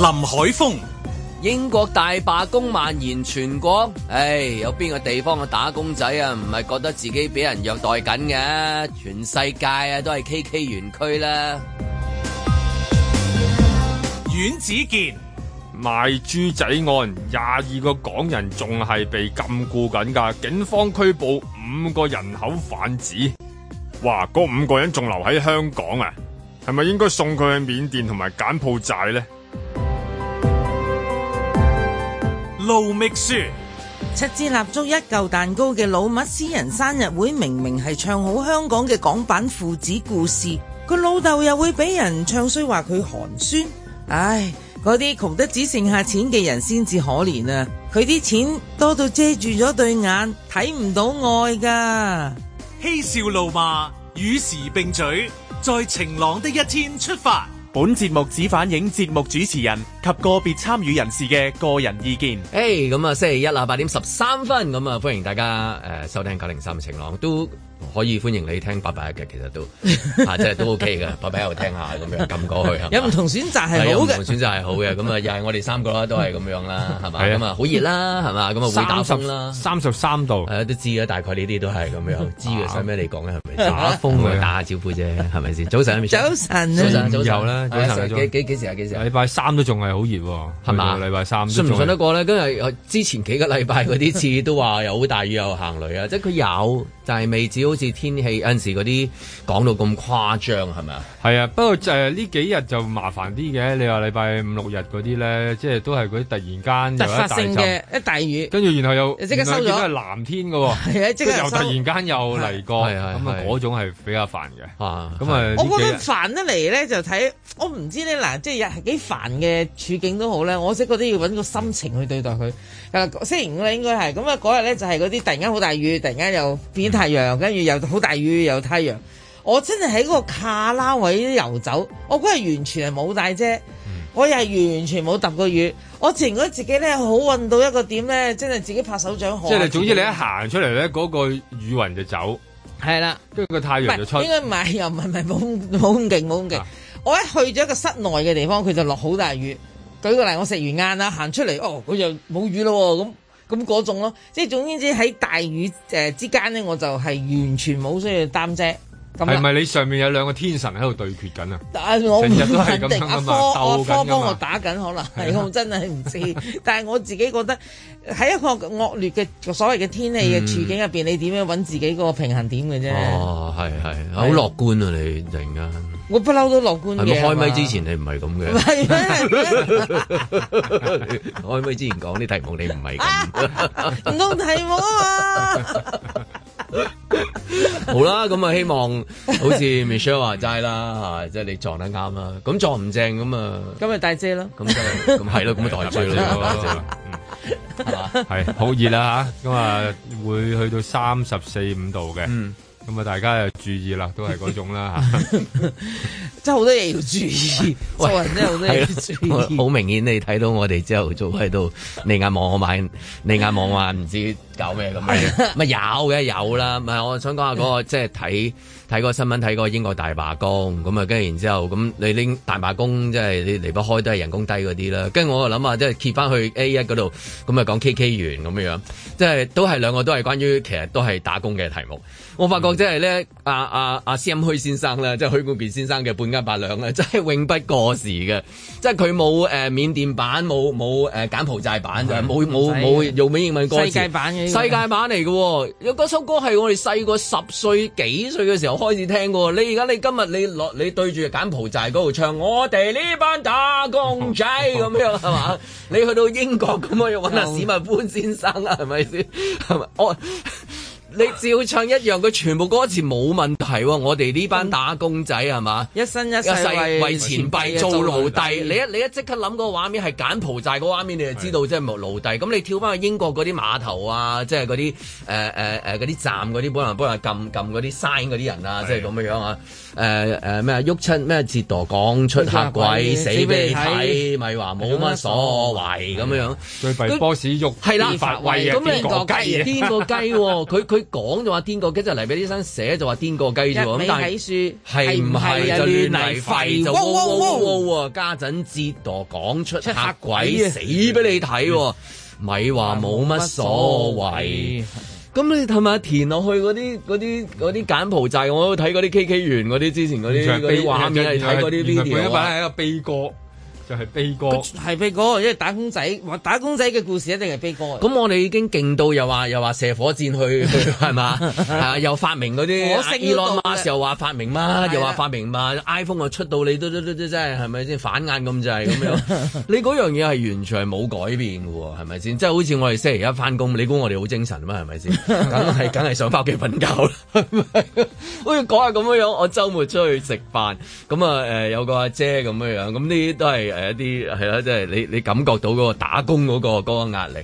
林海峰，英國大罷工蔓延全國，唉、哎，有邊個地方嘅打工仔啊，唔係覺得自己俾人虐待緊嘅？全世界啊，都係 KK 園區啦。阮子健，賣豬仔案廿二個港人仲係被禁錮緊噶，警方拘捕五個人口販子。哇，嗰五個人仲留喺香港啊？係咪應該送佢去緬甸同埋柬埔寨呢？露秘書，七支蠟燭一舊蛋糕嘅老麥，私人生日會明明係唱好香港嘅港版父子故事，個老豆又會俾人唱衰話佢寒酸。唉，嗰啲窮得只剩下錢嘅人先至可憐啊！佢啲錢多到遮住咗對眼，睇唔到愛噶。嬉笑怒罵，與時並舉，在晴朗的一天出發。本節目只反映節目主持人及個別參與人士嘅個人意見。誒、hey,，咁啊，星期一啊，八點十三分，咁啊，歡迎大家誒、呃、收聽九零三晴朗都。可以歡迎你聽八百嘅，其實都 啊，真係都 OK 嘅，八百喺度聽下咁樣撳過去。有唔同選擇係好嘅， 選擇係好嘅。咁 啊，又係我哋三個啦，都係咁樣啦，係嘛咁啊，好熱啦，係嘛咁啊，會打風啦，三十三度，係、啊、都知啦，大概呢啲都係咁樣。知嘅使咩嚟講呢？係咪打風嘅打下招呼啫？係咪先？早晨早晨，早晨、啊，早晨。又咧，早晨，早幾幾時啊？幾時、啊？禮拜三,三都仲係好熱喎，係嘛？禮拜三都仲信唔信得過呢？今日之前幾個禮拜嗰啲次都話又好大雨又行雷啊！即係佢有，但、就、係、是、未好似天氣有陣時嗰啲講到咁誇張係咪啊？係啊，不過就係呢幾日就麻煩啲嘅。你話禮拜五六日嗰啲咧，即係都係嗰啲突然間，突發性嘅一大雨，跟住然後又即刻收咗，又係藍天嘅喎，即、啊、又突然間又嚟過，咁啊嗰、啊、種係比較煩嘅咁啊，嗯、啊我覺得煩得嚟咧就睇，我唔知咧嗱，即係幾煩幾煩嘅處境都好咧。我識嗰啲要揾個心情去對待佢。誒，雖然我應該係咁啊，嗰日咧就係嗰啲突然間好大雨，突然間又變太陽，跟、嗯又好大雨又太陽，我真係喺個卡拉位游走，我嗰日完全係冇帶遮，嗯、我又係完全冇揼過雨，我自然覺得自己咧好運到一個點咧，真係自己拍手掌。即係，總之你一行出嚟咧，嗰、嗰個雨雲就走，係啦，跟住個太陽就出。唔應該唔係又唔係係冇冇咁勁冇咁勁，啊、我一去咗一個室內嘅地方，佢就落好大雨。舉個例，我食完晏啦，行出嚟哦，佢又冇雨咯咁。咁嗰種咯，即係總之喺大雨之間咧，我就係完全冇需要擔遮。咁係咪你上面有兩個天神喺度對決緊啊？成日都係咁科，鬥、啊啊啊、幫我打緊噶嘛？鬥、啊、緊可能係、啊，我真係唔知。 但係我自己覺得喺一個惡劣嘅所謂嘅天氣嘅處境入邊，嗯、你點樣揾自己個平衡點嘅啫？哦，係係，好樂觀啊！你突然間。我不嬲都樂觀嘅。係開麥之前你唔係咁嘅？唔係咧。開麥之前講啲題目你唔係咁。唔通題目啊。好啦，咁啊希望好似 Michelle 話齋啦，嚇，即係你撞得啱啦，咁撞唔正咁啊，今日戴遮咯，咁就係咯，咁戴遮咯。係嘛？係好熱啦嚇，咁啊會去到三十四五度嘅。咁啊！大家又注意啦，都係嗰種啦嚇，真 好 多嘢要注意。 做人真好多嘢要注意。好明顯，你睇到我哋之後就喺度，你眼望我買你眼望話唔知搞咩咁。咪 有嘅有啦，咪我想講下嗰個 即係睇睇個個新聞，睇個個英國大罷工咁啊。跟住然之後咁，你拎大罷工即係、就是、離不開都係人工低嗰啲啦。跟住我又諗下，即係揭翻去 A 一嗰度咁啊，講 K K 員咁樣，即、就、係、是、都係兩個都係關於其實都係打工嘅題目。我發覺真係咧，阿啊阿 Sam 虛先生啦，即係許冠傑先生嘅半斤八兩咧，真係永不過時嘅。即係佢冇誒緬甸版，冇冇誒柬埔寨版，就冇冇冇用美英文歌詞世界版嘅世界版嚟嘅，有嗰首歌係我哋細個十歲幾歲嘅時候開始聽喎。你而家你今日你落你對住柬埔寨嗰度唱， 我哋呢班打工仔咁 樣係嘛？ 你去到英國咁，我要揾阿史密夫先生啊，係咪先？係咪？我。 你照唱一樣，佢全部歌詞冇問題喎、啊。我哋呢班打工仔係嘛，一生一世為錢幣做奴隸。你一你一即刻諗嗰個畫面係柬埔寨嗰畫面，你就知道即係奴奴隸。咁你跳翻去英國嗰啲碼頭啊，即係嗰啲誒誒嗰啲站嗰啲，可能幫人撳撳嗰啲 sign 嗰啲人啊，即係咁樣啊。誒誒咩啊？鬱親咩？折墮講出黑鬼死俾你睇，咪話冇乜所謂咁樣最弊波士喐。喐係啦，發威邊個雞、啊？佢佢。講就話癲過雞就嚟俾啲生寫就話癲過雞咁，但係睇書係唔係就亂嚟廢就汪汪汪喎，家陣折墮講出黑、啊、鬼死俾你睇，咪話冇乜所謂。咁、啊啊、你睇埋填落去嗰啲嗰啲嗰啲柬埔寨，我睇嗰啲 K K 弦嗰啲之前嗰啲嗰啲畫面，睇嗰啲 video。就係、是、悲歌，係悲歌，因為打工仔打工仔嘅故事一定係悲歌。咁我哋已經勁到又話又話射火箭去，係嘛？ 又發明嗰啲，候 話力發明嘛，又話發明嘛。iPhone 又出到你都都都真係，係咪先反眼咁就滯咁樣？ 你嗰樣嘢係完全係冇改變嘅，係咪先？即、就、係、是、好似我哋星期一翻工，你估我哋好精神嘛，係咪先？梗係梗係想翻屋企瞓覺 好似講下咁樣樣，我周末出去食飯，咁啊誒有個阿姐咁樣樣，咁呢啲都係。係一啲係啦，即係、啊啊、你你感覺到嗰個打工嗰、嗰個、嗰個壓力。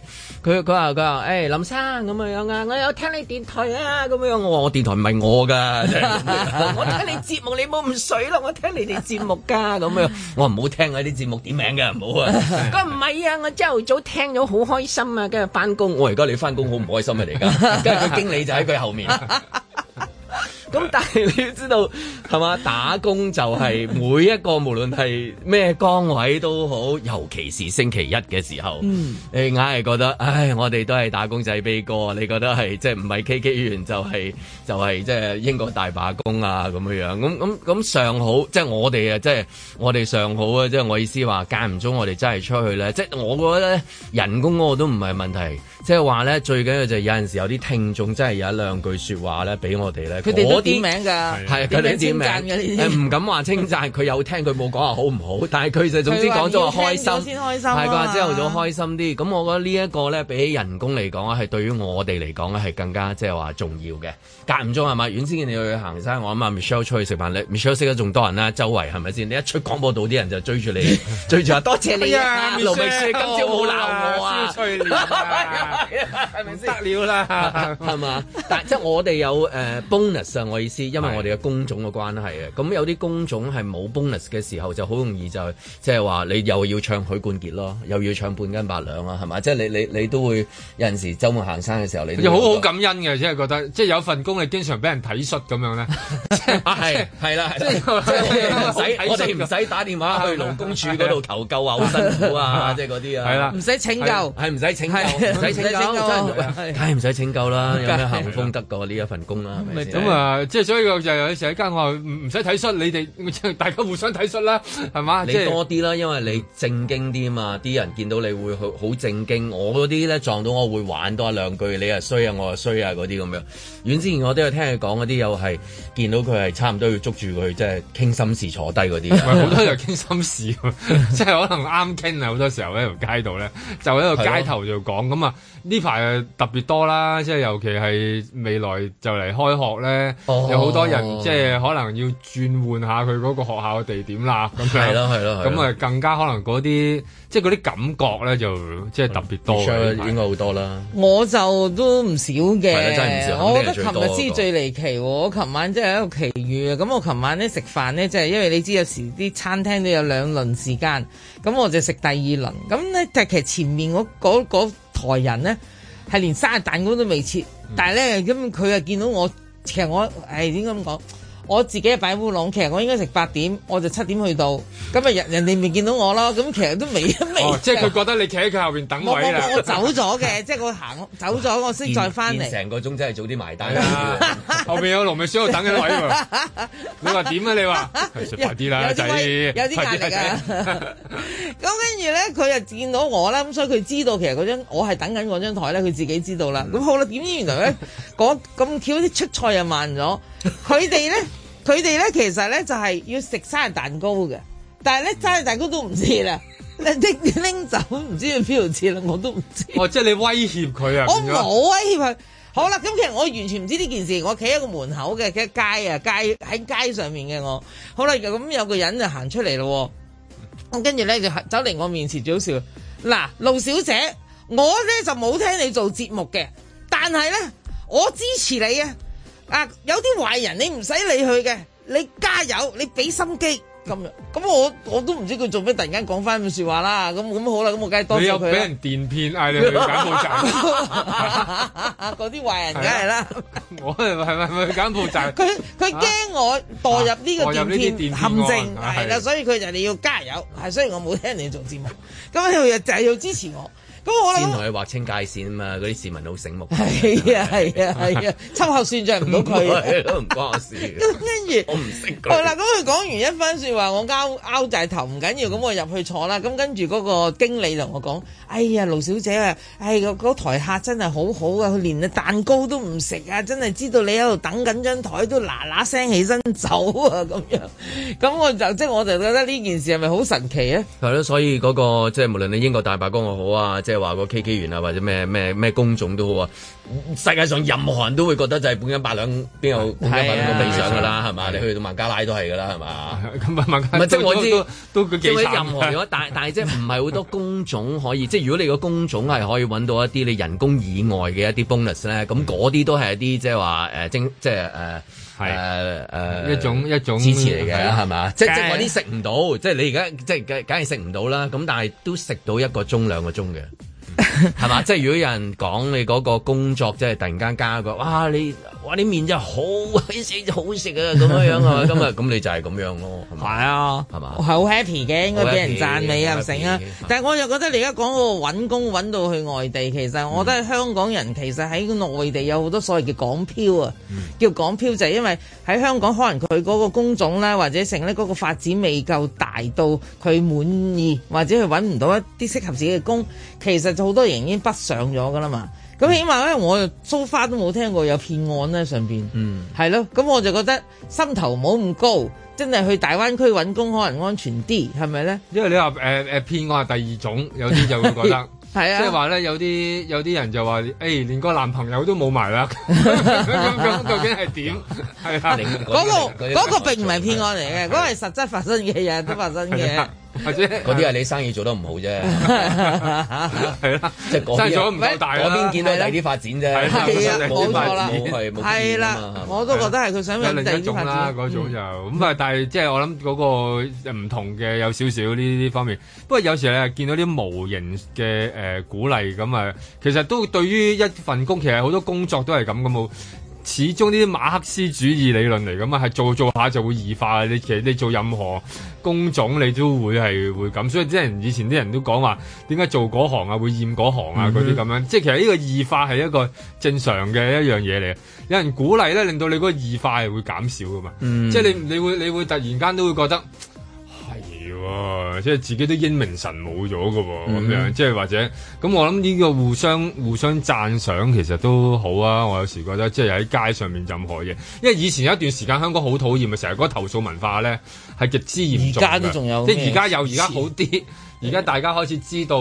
佢佢話佢話，誒、hey, 林生咁樣樣啊，我有聽你電台啊咁樣。我話我電台唔係我噶， 我聽你節目，你冇唔水咯。我聽你哋節目噶、啊、咁樣的。 我唔好聽你啲節目點名嘅，唔好啊。佢唔係啊，我朝頭早聽咗好開心啊，跟住翻工。我而家你翻工好唔開心啊，而家。跟住佢經理就喺佢後面。 咁 但係你要知道，係嘛打工就係每一個 無論係咩崗位都好，尤其是星期一嘅時候，嗯，你硬係覺得，唉，我哋都係打工仔，就是，悲歌你覺得係即係唔係 K K 員就係、是、就係即係英國大罷工啊咁樣樣，咁咁咁上好，即、就、係、是、我哋啊，即、就、係、是、我哋上好啊，即、就、係、是、我意思話間唔中我哋真係出去咧，即、就、係、是、我覺得咧人工嗰個都唔係問題，即係話咧最緊要就係有陣時有啲聽眾真係有一兩句說話咧俾我哋咧，點名㗎？係佢哋點名。唔敢話稱讚，佢 有聽，佢冇講話好唔好。但係佢就總之講咗話開心，係啩，朝頭早開心啲。咁我覺得呢一個咧，比起人工嚟講係對於我哋嚟講係更加即係話重要嘅。間唔中係咪？遠先見你去行山，我諗阿 Michelle 出去食飯 Michelle 識得仲多人啦、啊，周圍係咪先？你一出廣播道，啲人就追住你， 追住話、啊、多謝你啊 Michelle 今朝冇鬧我啊！消係咪先？了啊、 是是得了啦，係 嘛？ 但即係我哋有誒、uh, bonus。 意思，因為我哋嘅工種嘅關係啊，咁、嗯、有啲工種係冇 bonus 嘅時候，就好容易就即係話你又要唱許冠傑咯，又要唱半斤八兩啊，係嘛？即、就、係、是、你你你都會有陣時周末行山嘅時候，你都要好好感恩嘅，即係覺得即係有份工係經常俾人體恤咁樣咧。係係啦，即係我哋唔使， 我哋唔使打電話去勞工處嗰度求救啊，好辛苦啊，即係嗰啲啊，唔使拯救，係唔使拯救，唔使拯救，梗係唔使拯救啦，有咩幸福得過呢一份工啦，係咪先？是啊、即係所以就有時間我唔使睇書，你哋大家互相睇書啦，係嘛？你多啲啦，因為你正經啲啊嘛，啲人見到你會好正經。我嗰啲咧撞到我會玩多一兩句，你又衰啊，我又衰啊嗰啲咁樣。遠之前我都有聽佢講嗰啲，又係見到佢係差唔多要捉住佢，即係傾心事坐低嗰啲。唔 好多又傾心事， 即係可能啱傾啊！好多時候喺條街度咧，就喺個街頭就講咁啊。呢排特別多啦，即係尤其係未來就嚟開學咧，oh. 有好多人即係可能要轉換下佢嗰個學校嘅地點啦。咁係咯，係咯，咁啊更加可能嗰啲即係嗰啲感覺咧，就即係特別多嘅。應該好多啦，我就都唔少嘅。真係唔少。我覺得琴日先最離奇，我琴晚即係一個奇遇啊！咁我琴晚咧食飯咧，即係因為你知有時啲餐廳都有兩輪時間，咁我就食第二輪。咁咧，其實前面我嗰嗰。嗰個台人咧係連生日蛋糕都未切，但係咧咁佢啊見到我，其實我誒點解咁講？我自己擺烏龍，其實我應該食八點，我就七點去到，咁咪人人哋未見到我咯，咁其實都未一未。哦，即係佢覺得你企喺佢後邊等位啦。我走咗嘅， 即係我行走咗，我先再翻嚟。成個鐘真係早啲埋單啦， 後面有龍咪舒喺等緊位喎。 你話點啊？你話 快啲啦，有有仔有啲壓力啊。咁跟住咧，佢 又 見到我啦，咁所以佢知道其實嗰張我係等緊嗰張台咧，佢自己知道啦。咁 好啦，點知原來咧，嗰咁巧啲出菜又慢咗。佢哋咧，佢哋咧，其實咧就係要食生日蛋糕嘅，但係咧生日蛋糕都唔知啦，拎拎走都唔知去邊度切啦，我都唔知。哦，即係你威脅佢啊？我冇威脅佢。好啦，咁其實我完全唔知呢件事，我企喺個門口嘅，企喺街啊，街喺街上面嘅我。好啦，咁有個人就行出嚟咯，咁跟住咧就走嚟我面前，最好笑。嗱，盧小姐，我咧就冇聽你做節目嘅，但係咧我支持你啊！啊！有啲壞人你唔使理佢嘅，你加油，你俾心機。咁樣，咁我我都唔知佢做咩突然間講翻咁說句話啦。咁咁好啦，咁我梗係多謝佢。你又俾人電騙，嗌你去柬埔寨。嗰啲壞人梗係啦。我係咪去柬埔寨？佢佢驚我墮入呢個電騙陷阱，係啦，所以佢就你要加油。係，雖然我冇聽你做節目，咁佢又就係要支持我。先同佢劃清界線啊嘛！嗰啲市民好醒目。係啊係啊係啊，秋後算帳唔到佢。都唔關我事。跟 住我唔識哦嗱，咁佢講完一番説話，說我拗拗曬頭，唔緊要，咁我入去坐啦。咁跟住嗰個經理同我講：哎呀，盧小姐啊，哎個嗰台客真係好好啊，佢連蛋糕都唔食啊，真係知道你喺度等緊張台，都嗱嗱聲起身走啊，咁樣咁我就即係我就覺得呢件事係咪好神奇啊？係咯，所以嗰、那個即係無論你英國大白公又好啊，即係話個 K K 員啊，或者咩咩咩工種都好啊，世界上任何人都會覺得就係半斤八兩，邊有半斤八兩咁理想噶啦，係、啊啊啊、嘛？你、啊啊、去到孟加拉,加拉都係噶啦，係嘛？咁啊孟加即係我知都做任何嘢、啊，但但係即係唔係好多工種可以，即係如果你個工種係可以搵到一啲你人工以外嘅一啲 bonus 咧，咁嗰啲都係一啲即係話誒即係誒。呃係誒誒，一種一種支持嚟嘅係咪？即即嗰啲食唔到，即係、哎、你而家即係梗梗係食唔到啦，咁但係都食到一個鐘兩個鐘嘅。係 嘛，即係如果有人講你嗰個工作，即、就、係、是、突然間加個，哇你哇啲麵真係好，啲就好食啊，咁樣樣啊，今日咁你就係咁樣咯，係 咪是吧？係 啊，係嘛，好 happy 嘅，應該俾人讚美啊，成啊，但係我又覺得你而家講個搵工搵到去外地，其實我覺得香港人其實喺內地有好多所謂嘅港漂啊， 叫港漂就係因為喺香港可能佢嗰個工種咧、啊、或者成咧嗰個發展未夠大到佢滿意，或者佢搵唔到一啲適合自己嘅工，其實就好多人已經北上咗噶啦嘛，咁起碼咧，我就 so far 都冇聽過有騙案咧，上邊，嗯，係咯，咁我就覺得心頭冇咁高，真係去大灣區揾工可能安全啲，係咪咧？因為你話誒誒騙案係第二種，有啲就會覺得，即係話咧有啲有啲人就話，誒、欸、連個男朋友都冇埋啦，咁究竟係點？係 啊， 嗰、那個嗰、那個、並唔係騙案嚟嘅，嗰 個係實質發生嘅嘢， 日日都發生嘅。 嗰啲係你生意做得唔好啫，係 啦， 即係嗰邊，邊見到第啲發展啫，冇錯啦，係啦，我都覺得係佢想有另一種啦，嗰、嗯、種就咁啊，但係即係我諗嗰個唔同嘅有少少呢啲方面。不過有時啊，見到啲無形嘅誒鼓勵咁啊，其實都對於一份工，其實好多工作都係咁嘅冇。嗯 始終呢啲馬克思主義理論嚟㗎嘛，係做做下就會異化。你其實你做任何工種，你都會係會咁。所以即係以前啲人都講話，點解做嗰行啊會厭嗰行啊嗰啲咁樣？即係其實呢個異化係一個正常嘅一樣嘢嚟。有人鼓勵咧，令到你嗰個異化係會減少噶嘛。Mm-hmm. 即係你你會你會突然間都會覺得。哦，即係自己都英明神武咗㗎喎，咁、嗯、樣即係或者咁，我諗呢個互相互相讚賞其實都好啊！我有時覺得即係喺街上面任何嘢，因為以前有一段時間香港好討厭，咪成日講投訴文化咧，係極之嚴重嘅。而家啲仲有咩？即係而家有而家好啲。而家大家開始知道，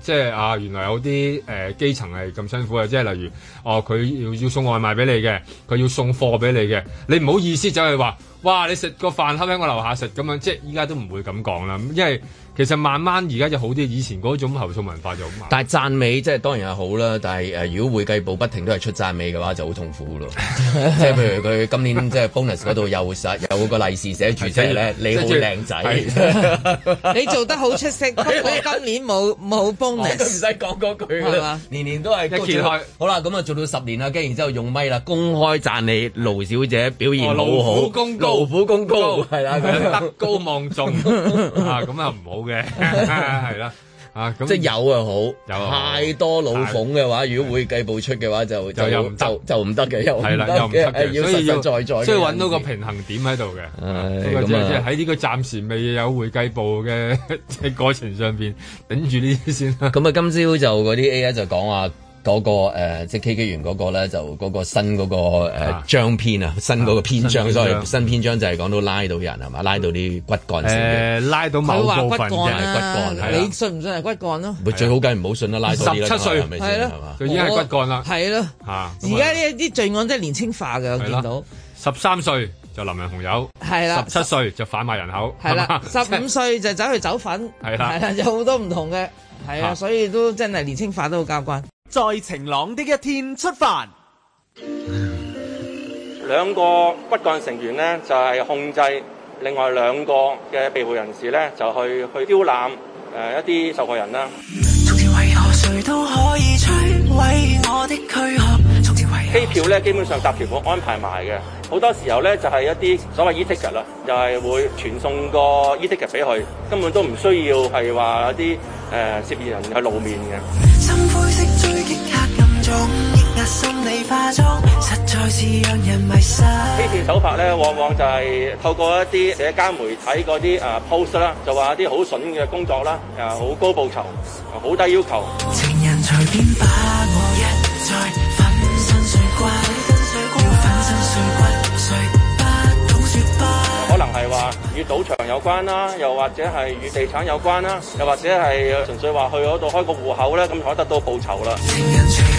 即係啊，原來有啲誒、呃、基層係咁辛苦嘅，即係例如，哦，佢要要送外賣俾你嘅，佢要送貨俾你嘅，你唔好意思走去、是、話，哇，你食個飯盒喺我樓下食咁樣，即係依家都唔會咁講啦，因為。其實慢慢而家就好啲，以前嗰種投訴文化就，讚就好，但係讚美即係當然係好啦，但係誒，如果會計部不停都係出讚美嘅話，就好痛苦咯。 即係譬如佢今年即係 bonus 嗰度有實 有個利 是寫住即係你好靚仔， 你做得好出色。 今年冇冇 bonus，唔使講嗰句啦。年年都係一揭開。 好啦，咁啊做到十年啦，跟住然之後用咪啦，公開讚你盧小姐表現好好，勞苦、哦、功高，勞苦功高，係啦、啊，德高望重咁 啊唔好。嘅係啦，啊，即係有就、啊、好，有、啊、好太多老奉嘅話，如果會計部出嘅話就，就就就就唔得嘅，又係啦，又唔得嘅，所以要所以揾到個平衡點喺度嘅，即係喺呢個暫時未有會計部嘅過程上邊頂住呢啲先。咁啊，今朝就嗰啲 A I 就講話。嗰、那個、呃、即係 K K 園嗰個咧，就嗰個新嗰、那個誒章篇啊，呃、片新嗰個篇章，章，所以新篇章就係講到拉到人係嘛，拉到啲骨幹先嘅。誒、呃，拉到某部分係骨、啊、骨幹。骨幹啊、你信唔信係骨幹咯、啊？唔、啊啊、最好梗唔好信啦，拉十七歲係咪先？係嘛、啊，啊、已經係骨幹啦。係咯嚇。而家呢一啲罪案真係年青化嘅、啊，我見到十三、啊、歲就林人紅友，係啦、啊，十七歲就販賣人口，係啦、啊，十五、啊啊、歲就走去走粉，係啦、啊，係啦、啊，有好多唔同嘅，係啊，啊，所以都真係年青化都好交關。在晴朗的一天出發，兩個骨幹成員呢就係控制另外兩個嘅被捕人士呢就去去招攬誒一啲受害人啦。機票呢基本上集團會安排埋嘅，好多時候呢就係一啲所謂 e ticket 啦，就係會傳送個 e ticket 俾佢，根本都唔需要係話一啲誒涉嫌人去露面嘅。欺騙手法咧，往往就係透過一啲社交媒體嗰啲 post 啦，就話一啲好筍嘅工作啦，好高報酬，好低要求。情人隨便吧我一身身身可能係話與賭場有關啦，又或者係與地產有關啦，又或者係純粹話去嗰度開個戶口咧，咁可以得到報酬啦。情人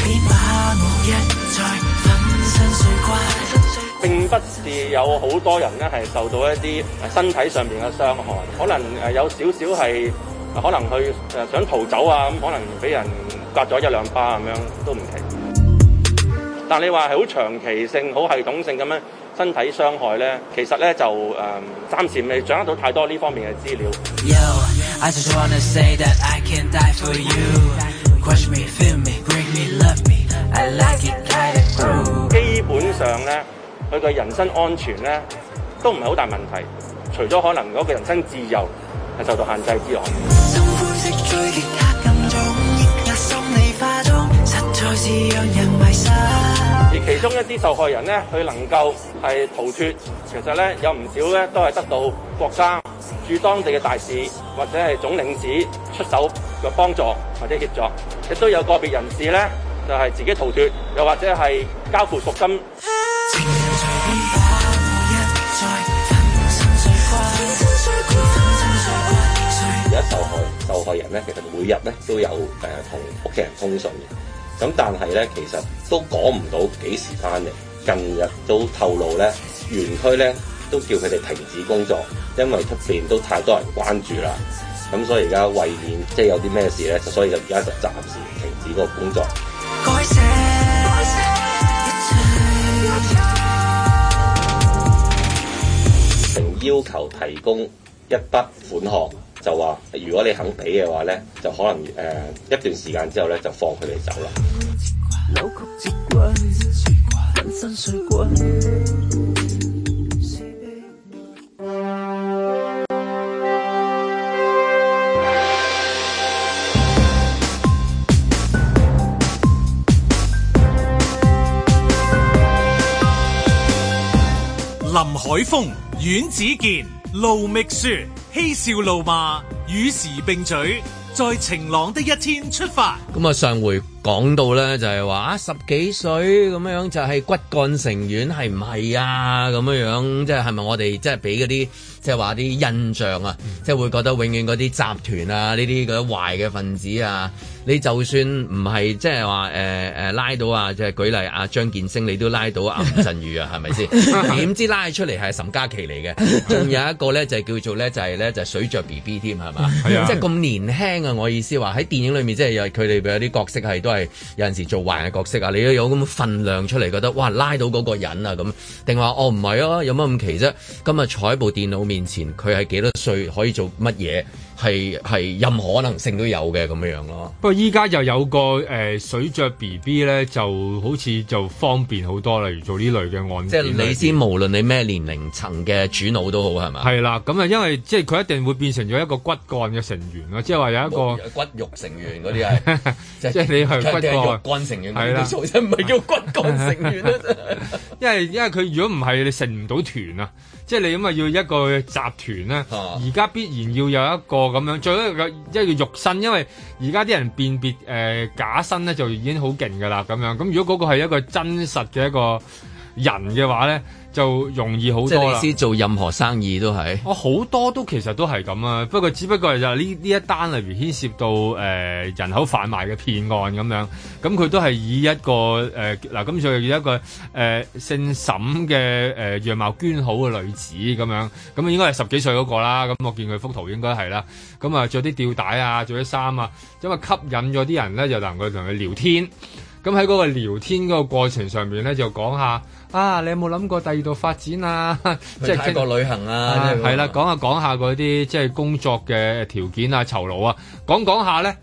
並不是有好多人咧係受到一啲身體上面嘅傷害，可能誒有少少係可能去誒想逃走啊，咁可能俾人割咗一兩巴咁樣都唔奇。但係你話係好長期性、好系統性咁樣身體傷害咧，其實咧就誒暫時未掌握到太多呢方面嘅資料。I like it, I like it. 基本上咧，佢嘅人身安全咧都唔係好大問題，除咗可能嗰個人身自由係受到限制之外。而其中一啲受害人咧，佢能夠係逃脫，其實咧有唔少咧都係得到國家駐當地嘅大使或者係總領事出手嘅幫助或者協助，亦都有個別人士咧。就係自己逃脫，又或者係交付贖金。而家受害受害人咧，其實每日咧都有誒同屋企人通訊嘅，咁但係咧其實都講唔到幾時翻嚟。近日都透露咧，園區咧都叫佢哋停止工作，因為出邊都太多人關注啦。咁所以而家為免即係有啲咩事咧，所以就而家就暫時停止嗰個工作。要求提供一筆款項，就話如果你肯俾嘅話咧，就可能誒、呃、一段時間之後咧就放佢哋走啦。 林海峰、阮子健、盧覓雪嬉笑怒罵，與時並舉，在晴朗的一天出發。咁啊，上回。講到咧就係、是、話啊十幾歲咁樣就係骨幹成員係唔係啊？咁樣即係係咪我哋即係俾嗰啲即係話啲印象啊即係、就是、會覺得永遠嗰啲集團啊呢啲嗰啲壞嘅分子啊你就算唔係即係話呃，誒拉到啊即係舉例啊，張建升你都拉到 振啊，吳鎮宇啊係咪先？點知拉出嚟係岑嘉琪嚟嘅，仲 有一個咧就係、是、叫做咧就係、是、咧就是、水着 B B 添係嘛，即係咁年輕啊！我意思話喺電影裏面即係佢哋有啲角色係都係有陣時做壞人嘅角色啊，你都有咁份量出嚟，覺得哇拉到嗰個人啊咁，定話哦唔係啊，有乜咁奇啫？今日坐喺部電腦面前，佢係幾多歲可以做乜嘢？係係，任何可能性都有嘅，咁樣樣咯。不過依家就有個誒、呃、水着 B B 咧，就好似就方便好多啦。例如做呢類嘅案件，即係你先，無論你咩年齡層嘅主腦都好，係咪？係啦，咁啊，因為即係佢一定會變成咗一個骨幹嘅成員啦。即係話有一個骨肉成員嗰啲係，即係你係骨肉成員，係啦。唔 係、就是、叫骨幹成員啦， 因為因為佢如果唔係，你成唔到團啊。即係你咁啊，要一個集團呢，而家必然要有一個咁樣，最好一個即係肉身，因為而家啲人辨別、呃、假身咧就已經好勁㗎啦。咁樣，咁如果嗰個係一個真實嘅一個人嘅話咧。就容易好多意思，做任何生意都係，我、哦、好多都其實都係咁啊。不過只不過就係呢呢一單例如牽涉到誒、呃、人口販賣嘅騙案咁樣，咁佢都係以一個誒嗱咁仲要一個誒、呃、姓沈嘅誒樣貌娟好嘅女子咁樣，咁應該係十幾歲嗰、那個啦。咁我見佢幅圖應該係啦，咁啊着啲吊帶啊，着啲衫啊，因為吸引咗啲人咧就能夠同佢聊天。咁喺嗰個聊天嗰個過程上面咧，就講下啊，你有冇諗過第二度發展啊？即係出國旅行啊，係、就、啦、是啊，講下講下嗰啲即係工作嘅條件啊、酬勞啊，講講下咧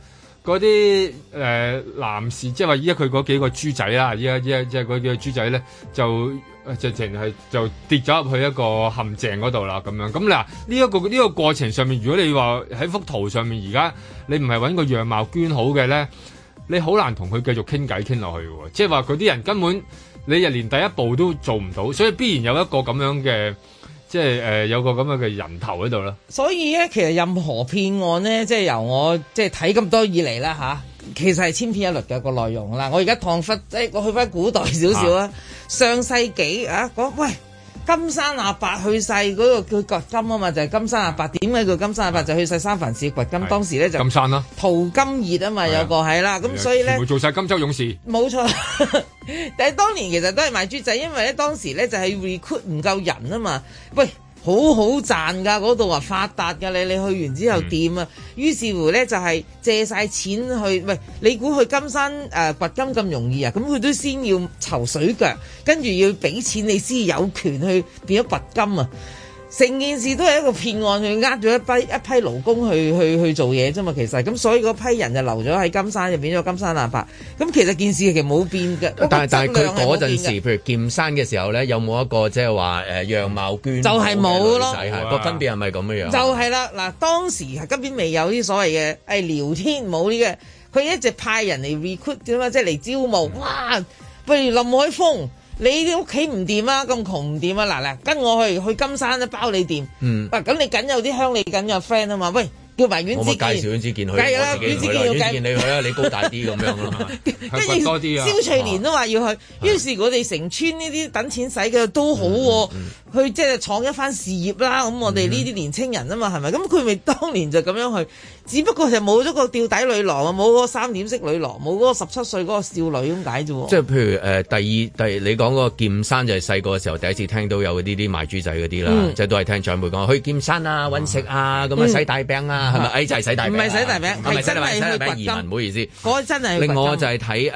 嗰啲誒男士，即係話依家佢嗰幾個豬仔、啊、啦，依家依家即係嗰幾個豬仔、啊、咧，就直情係就跌咗入去一個陷阱嗰度啦，咁樣咁嗱，呢一、個呢個過程上面，如果你話喺幅圖上面，而家你唔係揾個樣貌捐好嘅咧。你好難同佢繼續傾偈傾落去喎，即係話佢啲人根本你又連第一步都做唔到，所以必然有一個咁樣嘅，即係誒有個咁樣嘅人頭喺度啦。所以咧，其實任何騙案咧，即係由我即係睇咁多以嚟啦吓，其實係千篇一律嘅個內容啦。我而家唐忽即係我去翻古代少少啊，上世紀啊喂。金山阿伯去世嗰、那個叫掘金啊嘛，就係、是、金山阿伯點解叫金山阿伯就去世三藩市掘金，當時咧就金山啦，淘金熱啊嘛，有個係啦，咁所以咧做晒金州勇士，冇錯，但係當年其實都係賣豬仔，就是、因為咧當時咧就係 recruit 唔夠人啊嘛，喂。好好賺㗎，嗰度啊發達㗎，你你去完之後點啊，於是乎呢，就係借晒錢去，喂，你估去金山啊呃、掘金咁容易啊？咁佢都先要籌水腳，跟住要俾錢你先有權去變咗掘金啊！成件事都係一個騙案，去呃咗一批一批勞工去去去做嘢啫嘛。其實咁，所以嗰批人就留咗喺金山，入面咗金山立法。咁其實件事其實冇變嘅。但係、那個、但佢嗰陣時，譬如劍山嘅時候咧，有冇一個即係話誒樣貌娟，娟就係冇咯。個分別係咪咁嘅樣？就係啦，嗱，當時啊，根本未有啲所謂嘅誒聊天冇呢嘅。佢一直派人嚟 recruit 啫嘛，即係嚟招募。嗯、哇，不如林海峰。你啲屋企唔掂啊，咁窮唔掂啊！嗱嗱，跟我去去金山都、啊、包你掂。嗯，喂，咁你梗有啲鄉里梗有 friend 啊嘛？喂，叫埋遠之健，我介紹遠之健去，梗啦、啊，遠之健要計。遠之健你去啦、啊，你高大啲咁 這樣 多啊，跟住，肖翠蓮都話要去。啊、於是，我哋成村呢啲等錢使嘅都好、啊嗯嗯，去即係闖一番事業啦。咁我哋呢啲年青人啊嘛，係、嗯、咪？咁佢咪當年就咁樣去。只不過就冇咗個吊底女郎啊，冇嗰個三點式女郎，冇嗰個十七歲嗰個少女咁解啫喎。即係譬如誒、呃、第二第二你講嗰個劍山，就係細個嘅時候第一次聽到有啲啲賣豬仔嗰啲啦，即、嗯、係都係聽長輩講去劍山啊，搵食啊，咁樣洗大餅啊，係咪？誒、嗯、就係、是、洗大餅、啊，唔係洗大餅，係真係啲移民唔好意思。嗰、那個、真係。另外就係睇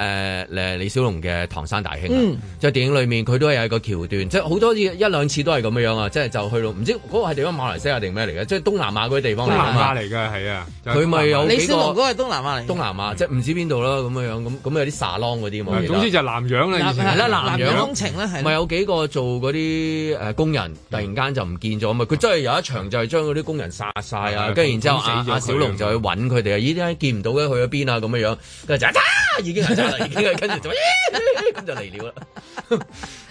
誒李小龍嘅《唐山大兄》啊，就、嗯、電影裏面佢都係有一個橋段，即好多一兩次都係咁樣啊，即係就去到唔知嗰個係地方馬來西亞定咩嚟嘅，即係東南亞嗰啲地方嚟嚟啊。佢、就、咪、是、有李小龍嗰個東南亞嚟？東南亞即唔、就是、知邊度啦，咁樣樣咁咁有啲沙朗嗰啲嘛。總之就南洋嚟嘅，係啦，南洋。唔係有幾個做嗰啲誒工人，突然間就唔見咗嘛？佢真係有一場就係將嗰啲工人殺晒啊，跟住然之後阿阿、啊、小龍就去搵佢哋啊！咦？點解見唔到嘅？去咗邊啊？咁、啊、樣、啊啊啊、 後就 樣，跟住就已經跟住已經係跟住就嚟了啦。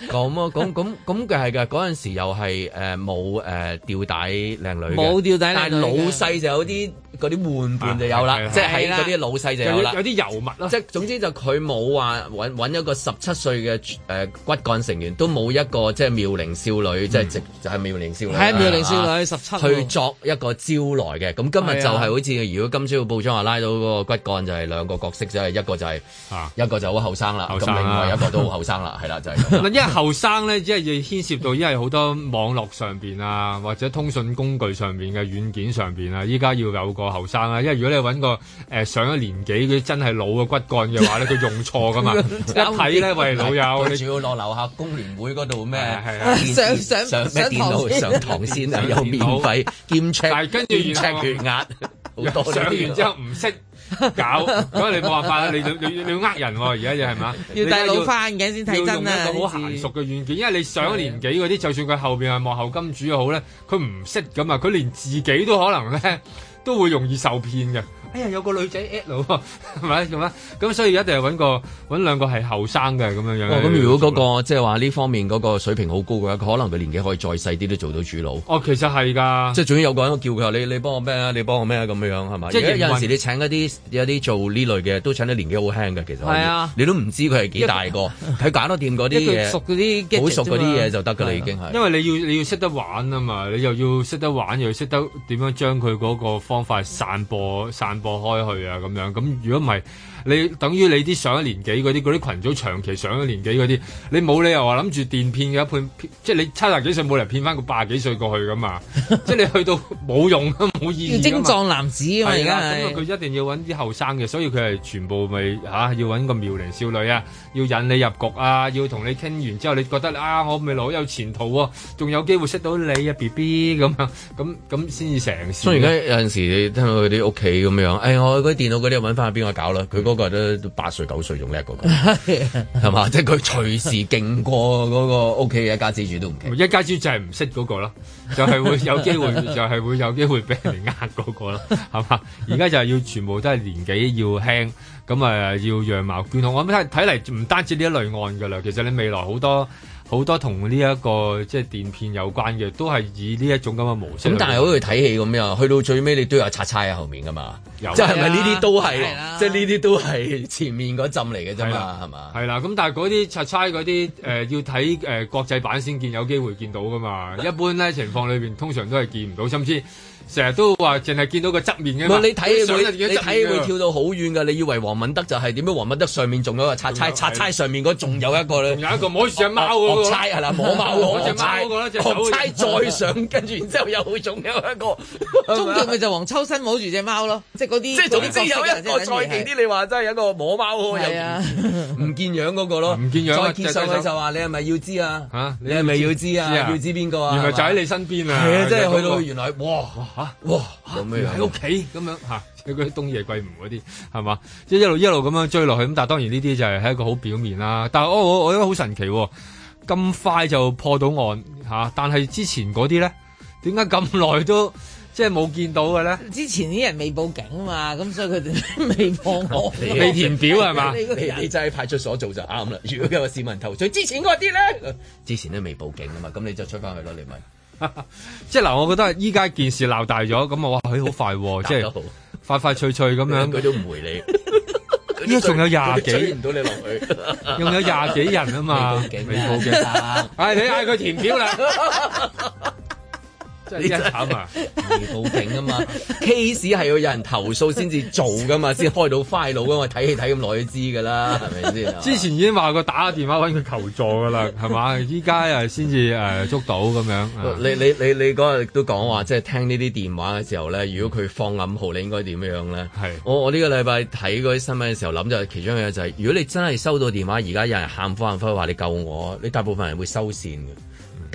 咁啊，咁咁咁嘅係㗎。嗰陣時又係誒冇誒吊帶靚女，冇吊帶，但係老細就有啲啲。換換就有啦、啊，即係喺嗰啲老細就有啦。有啲遊民咯，即係總之就佢冇話揾一個十七歲嘅骨幹成員，都冇一個即係妙齡少女，即係直就係、是、妙齡少女。係妙齡少女，十七、啊、去作一個招來嘅。咁今日就係好似、啊，如果今朝報章話拉到嗰個骨幹，就係兩個角色，即、就、係、是、一個就係、是啊、一個就好後生啦。咁、啊、另外一個都好後生啦，係 啦、啊，就係。嗱，因為後生咧，即係牽涉到因為好多網絡上面啊， 或者通訊工具上面嘅軟件上面啊，依家要有個後。但係，因為如果你揾個、呃、上咗年紀嗰啲真係老嘅骨幹嘅話咧，佢用錯噶嘛？ 一睇咧，喂老友，你仲要落樓下工聯會嗰度咩？係啊，啊上上上咩電腦上堂先啊先？有免費兼 check， 跟住 check 血壓上完之後唔識搞，咁 你冇辦法啦！你你你呃人喎、啊？而家就係、是、嘛？要戴老花眼鏡先睇真，真啊！用一個好閑熟嘅軟件，因為你上咗年紀嗰啲，就算佢後邊係幕後金主又好咧，佢唔識噶嘛！佢連自己都可能咧。都會容易受騙嘅。哎呀，有個女仔 at 佬係咪做咩？咁所以一定係揾個揾兩個係後生嘅咁樣樣、哦。咁如果嗰、嗰個即係話呢方面嗰個水平好高嘅，佢可能佢年紀可以再細啲都做到主腦。哦，其實係㗎。即係總之有個人都叫佢，你你幫我咩啊？你幫我咩啊？咁樣樣係咪？即係、就是、有陣時你請一啲有啲做呢類嘅，都請得年紀好輕嘅。其實係啊，你都唔知佢係幾大個。喺揀多店嗰啲啲好熟嗰啲嘢就得㗎啦。啊、已經係因為你要你要識得玩啊嘛，你又要識得玩，又要識得點樣將佢嗰個方法散播散。播開去啊，咁樣咁如果唔係。你等於你啲上一年紀嗰啲，嗰啲群組長期上一年紀嗰啲，你冇理由話諗住電騙嘅，判即係你七十幾歲冇人騙翻個八十幾歲過去噶嘛？ 即係你去到冇用冇意義。精壯男子啊，而家係。因為佢一定要揾啲後生嘅，所以佢係全部咪、就、吓、是啊，要揾個妙齡少女啊，要引你入局啊，要同你傾完之後，你覺得啊，我未來好有前途喎，啊，仲有機會識到你啊，B B 咁啊，咁咁先至成事。所以而家有陣時你聽到佢哋屋企咁樣，誒、哎，我嗰啲電腦嗰啲揾去邊個搞啦？佢那個都都八歲九歲仲叻過係嘛？即係佢隨時勁過嗰個屋企一家之主，都唔一家之主就係唔識嗰個啦，就係會有機會， 就係會有機會俾人哋呃嗰個啦，係嘛？而家就係要全部都係年紀要輕，咁啊要樣貌娟好。我諗睇睇嚟，唔單止呢一類案噶啦，其實你未來好多。好多同呢一個即係電片有關嘅，都係以呢一種咁嘅模式。咁但係好似睇戲咁樣，去到最尾你都有拆差喺後面噶嘛。啊、即係咪呢啲都係即係呢啲都係前面嗰陣嚟嘅啫嘛，係嘛、啊？係啦、啊。咁、啊、但係嗰啲拆差嗰啲要睇誒、呃、國際版先見，有機會見到噶嘛？一般咧情況裏面，通常都係見唔到，甚至。成日都話淨係見到個側面噶嘛，你睇會你睇會跳到好遠噶，你以為黃敏德就係、是、點樣？黃敏德上面仲有一個擦差，擦差上面嗰仲有一個咧，仲有一個摸住隻貓嗰個差係啦，摸貓攞隻貓，差再上，跟住然之後又仲有一個，中間咪就黃秋生摸住隻貓咯，即係嗰啲。即係總之有一個再勁啲，你話真係有一個摸貓又唔見樣嗰個咯，唔見樣嗰鄭再偉就話你係咪要知啊？吓，你係咪要知啊？要知邊個啊？原來就喺你身邊啊！真係去到原來哇～吓，哇！喺屋企咁樣吓，有嗰啲東野圭吾嗰啲，係嘛？即係、就是、一路一路咁樣追落去，咁但係當然呢啲就係一個好表面啦。但係、哦、我我我覺得好神奇，咁快就破到案吓。但係之前嗰啲咧，點解咁耐都即係冇見到嘅咧？之前啲人未報警啊嘛，咁所以佢哋未破案，未填表係嘛？你你，你，你就喺派出所做就啱啦。 如果有市民投訴， 之前嗰啲咧，之前都未報警啊嘛，咁你就出翻去咯，你問。即係嗱，我覺得依家件事鬧大咗，咁我話佢好快，即係快快脆脆咁樣，佢都唔回你。依家仲有廿幾，唔 到你落去，仲有廿幾人啊嘛，幾好嘅。唉， 你嗌佢填票啦。 即係慘啊！未報警啊嘛 ，case 係要有人投訴先至做噶嘛，先 開到 file 噶嘛。睇戲睇咁耐，都知噶啦，係咪先？之前已經話過打電話揾佢求助噶啦，係嘛？依家啊先至誒捉到咁樣。 你你你你嗰日都講話，即係聽呢啲電話嘅時候咧，如果佢放暗號，你應該點樣咧？係我我呢個禮拜睇嗰啲新聞嘅時候諗，就係其中一樣就係，如果你真係收到電話，而家有人喊苦喊忽，話你救我，你大部分人會收線嘅。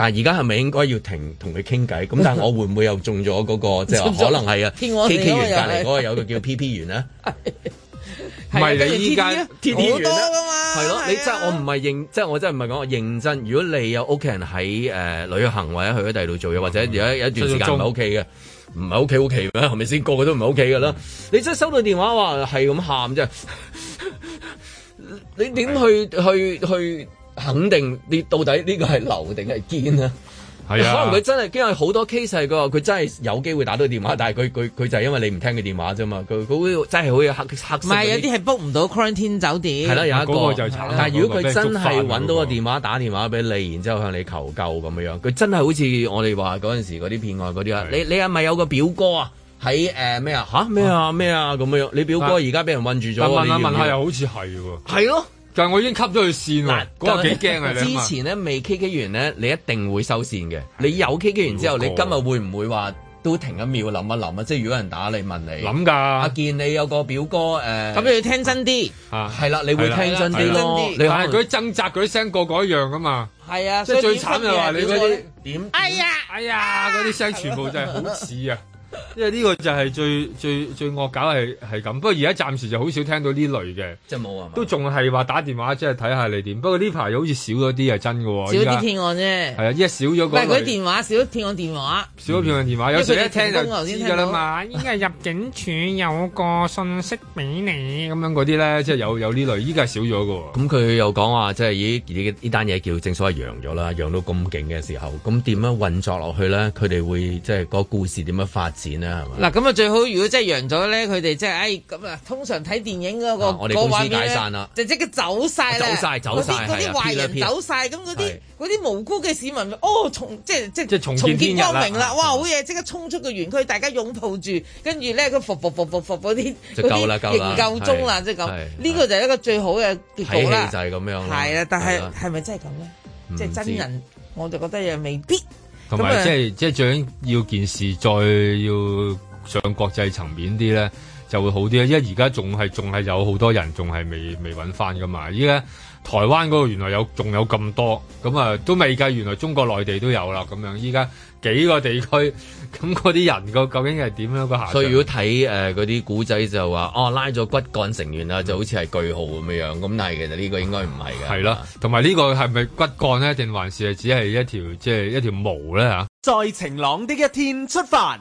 但而家係咪應該要停同佢傾偈？咁但係我會唔會又中咗嗰、嗰個即係 可能係啊？K K 員隔籬嗰個有個叫 P P 員咧、啊，唔 係你依家貼貼員咧，係咯？你即係我唔係認，即係我真係唔係講我認真。如果你有屋企人喺誒、呃、旅行或者去咗第度做嘢，或者有一一段時間唔係屋企嘅，唔係屋企好奇咩？係咪先？個個都唔係屋企噶啦？你真係收到電話話係咁喊啫，你點去去去？肯定你到底呢個係流定係堅啊？係啊，可能佢真係因為好多 case 佢話，佢真係有機會打到電話，但係佢佢佢就係因為你唔聽佢電話啫嘛。佢佢會真係好有黑黑色。唔係，有啲係 book 唔到 quarantine 酒店。係啦，有一個，嗰個就係、但係如果佢真係搵到個電話打電話俾你，然之後向你求救咁樣，佢真係好似我哋話嗰陣時嗰啲騙案嗰啲啊。你你係咪有個表哥啊？喺誒咩啊？嚇咩啊？咩啊？咁樣，你表哥而家俾人困住咗我問，問一下問下又好似係喎。係咯。就我已經吸咗佢線喎，嗰個幾驚啊！ 之前咧未 K K 完咧，你一定會收線嘅。你有 K K 完之後，你今日會唔會話都停一秒諗一諗啊？即係如果人打你問你諗㗎？阿健你有個表哥誒，咁、呃、你要聽真啲，係、啊、啦，你會聽真啲咯。但係佢掙扎嗰啲聲個個一樣噶嘛，係啊，即係最慘就話你嗰啲點,點？哎呀，哎呀，嗰、哎、啲、啊、聲全部就係好似啊！ 因為呢個就係最最最惡搞係，係咁，不過而家暫時就好少聽到呢類嘅，即係冇啊，都仲係話打電話即係睇下你點，不過呢排好似少咗啲係真嘅，少啲騙案啫，係啊，依家少咗、嗰個，係佢電話少咗騙案電話，少咗騙案電話，有、嗯、時一聽就知噶啦嘛，依家入境處有個信息俾你咁 樣嗰啲咧，即係有有呢類，依家少咗個。咁佢又講話即係咦呢單嘢叫正所謂揚咗啦，揚到咁勁嘅時候，咁點樣運作落去咧？佢哋會即係、嗰個故事點樣發展？啦，嗱咁啊，最好如果真係贏咗咧，佢哋即係，哎咁啊，通常睇電影嗰、嗰個嗰、啊嗰個、畫面咧，就即刻走晒啦，走曬走嗰啲啲壞人走晒，咁嗰啲啲無辜嘅市民，哦，即即即重即係即係重見光明啦、啊，哇好嘢！即刻衝出個園區，大家擁抱住，跟住咧咁伏伏伏伏伏啲嗰營救中啦，即係咁，呢個就係一個最好嘅結果啦。就係咁樣。係啊，但係係咪真係咁咧？即係真人，我就覺得又未必。同埋即係即係最緊要件事，再要上國際層面啲咧就會好啲。因為而家仲係仲係有好多人仲係未未揾翻噶嘛。依家台灣嗰個原來有仲有咁多咁啊，都未計原來中國內地都有啦。咁樣依家。幾個地區咁嗰啲人個究竟係點樣個行？所以如果睇誒嗰啲古仔就話，哦拉咗骨幹成員啦、嗯，就好似係句號咁樣樣，咁但係其實呢個應該唔係嘅。係、啊、咯，同埋呢個係咪骨幹呢？定還是係只係一條即係一條毛咧嚇？在晴朗的一天出發。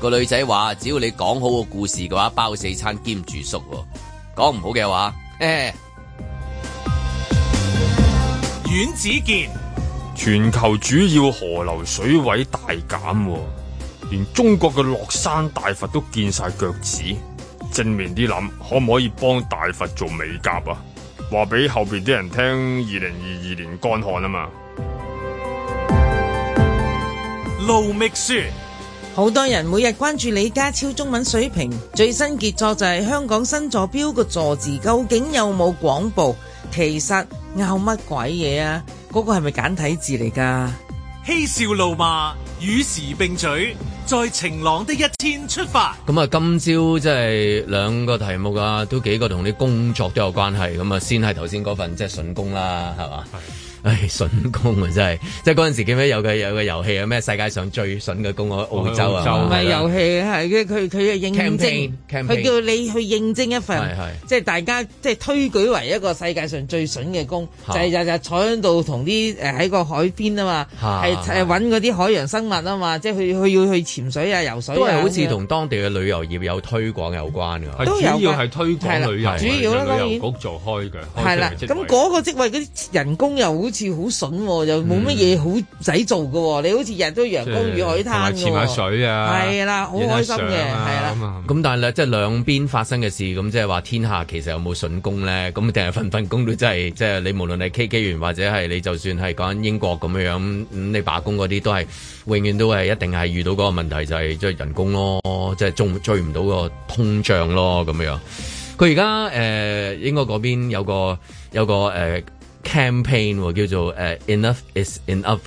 個女仔話：只要你講好個故事嘅話，包四餐兼住宿；講唔好嘅話，阮子健。全球主要河流水位大減，哦，連中國嘅樂山大佛都見晒腳趾。正面啲諗，可唔可以幫大佛做美甲啊？話俾後邊啲人聽，二零二二年乾旱啊嘛。盧覓雪。好多人每日關注李家超中文水平，最新傑作就係香港新座標個座字，究竟有冇廣播？其實拗乜鬼嘢啊？嗰、那個係咪簡體字嚟㗎？嬉笑怒罵，與時並舉，在晴朗的一天出發。咁啊，今朝即係兩個題目啊，都幾個同啲工作都有關係。咁啊，先係頭先嗰份即係筍工啦，係嘛？唉，筍工啊，真係即係嗰陣時見咩？有佢有個遊戲啊，咩？世界上最筍嘅工喺澳洲啊，唔係遊戲，係佢佢佢嘅應徵，佢叫你去應徵一份，即係、就是、大家即係、就是、推舉為一個世界上最筍嘅工，是就日、是、日坐響度同啲誒喺個海邊啊嘛，係係搵嗰啲海洋生物啊嘛，即係去去要去潛水啊游水、啊，都係好似同當地嘅旅遊業有推廣有關噶，都有，係推廣旅遊，主要啦，旅遊局做開嘅，係啦，咁嗰、那個職位嗰啲人工又好。好似、哦、好筍又冇乜嘢好仔做喎。你好似日都陽光與海灘嘅，嗯、潛下水啊！係啦、啊，好開心嘅，係啦、啊。咁、啊啊、但係咧，即係兩邊發生嘅事，咁即係話天下其實有冇筍工咧？咁定係份份工都真係，即係你無論係 K 機員或者係你就算係講英國咁樣你罷工嗰啲都係永遠都係一定係遇到嗰個問題就係即係人工咯，即係追追唔到個通脹咯咁樣。佢而家誒英國嗰邊有個有個誒。呃 campaign 喎叫做誒 enough is enough，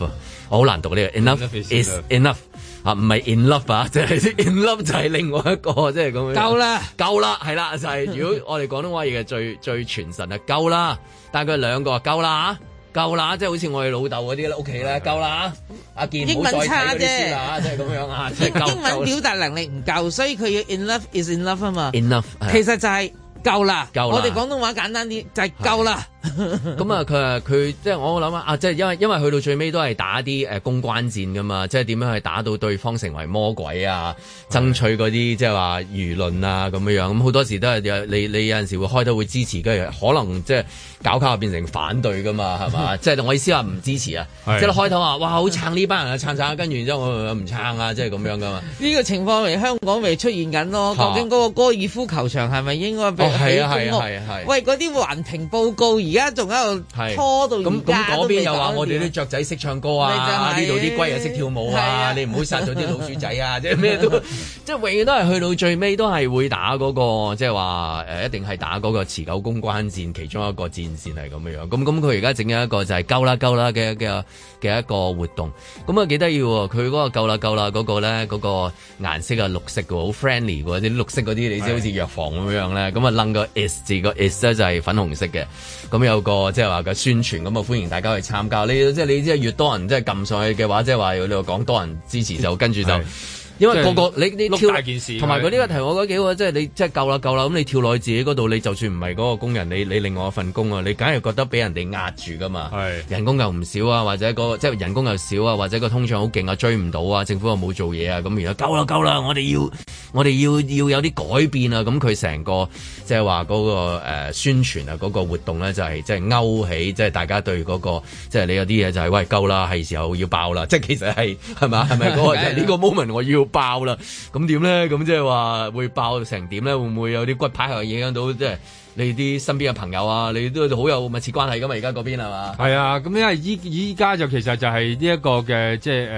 我好難讀呢個 enough is enough 啊，唔係 in love 啊，即係 in love 就係另外一個，即係咁樣。夠啦，夠啦，係啦，就係如果我哋廣東話嘅最最傳神啊，夠啦！但係佢兩個夠啦嚇，夠啦，即係好似我哋老豆嗰啲咧，屋企咧夠啦嚇。阿健英文差啫，嚇，即係咁樣啊，英英文表達能力唔夠，所以佢要 enough is enough 啊嘛。enough 其實就係夠啦，夠啦。我哋廣東話簡單啲就係夠啦。咁 啊、嗯，佢啊，佢即係我諗啊，啊，即係因為因為去到最尾都係打啲誒公關戰噶嘛，即係點樣去打到對方成為魔鬼啊，爭取嗰啲即係話輿論啊咁樣樣，咁、嗯、好多時都係你你有陣時候會開頭會支持，跟住可能即係搞搞變成反對噶嘛，係嘛？ 即係我意思話唔支持 啊,撐撐啊,啊，即係開頭話哇好撐呢班人啊撐撐，跟住然之後我唔撐啊，即係咁樣噶嘛？呢、這個情況嚟香港未出現緊咯， 究竟嗰個高爾夫球場係咪應該俾、哦、公屋？係啊係啊,啊,啊,啊,啊,啊,啊喂，嗰啲環評報告而家仲喺度拖到咁咁嗰邊又話我哋啲雀仔識唱歌啊，呢度啲龜又識跳舞啊，啊你唔好殺咗啲老鼠仔啊，即係咩都即係、就是、永遠都係去到最尾都係會打嗰、嗰個即係話誒一定係打嗰個持久公關戰其中一個戰線係咁樣樣咁咁佢而家整咗一個就係夠啦夠啦嘅嘅嘅一個活動咁啊幾得意喎！佢嗰個夠啦夠啦嗰個咧嗰、嗰個顏色啊綠色喎，好 friendly 喎，啲綠色嗰啲你知好似藥房咁樣咧。咁啊諗個 s 字、個 s 咧就係粉紅色嘅咁。有個即係話嘅宣傳，咁啊，歡迎大家去參加。你即係你知，越多人即係撳上去嘅話，即係話你我講多人支持，就、嗯、跟住就。因為個個、就是、你你同埋佢呢個題我嗰幾個即係你即係夠啦夠啦，咁你跳落去自己嗰度，你就算唔係嗰個工人你你另外一份工啊，你梗係覺得俾人哋壓住噶嘛，係人工又唔少啊或者，那個即係、就是、人工又少啊或者個通脹好勁啊追唔到啊政府又冇做嘢啊，咁而家夠啦夠啦我哋要我哋要我要，要有啲改變啊咁佢成個即係話嗰個誒、呃、宣傳啊嗰個活動咧就係即係勾起即係，就是、大家對嗰、那個即係、就是、你有啲嘢就係、是、喂，夠啦係時候要爆啦即係其實係係咪？係咪嗰個就呢 個 moment 我要。爆啦，咁點咧？咁即係話會爆成點咧？會唔會有啲骨牌效影響到？即係你啲身邊嘅朋友啊，你都好有密切關係㗎嘛？而家嗰邊係咪？係 啊，咁因為依依家就其實就係呢一個嘅即係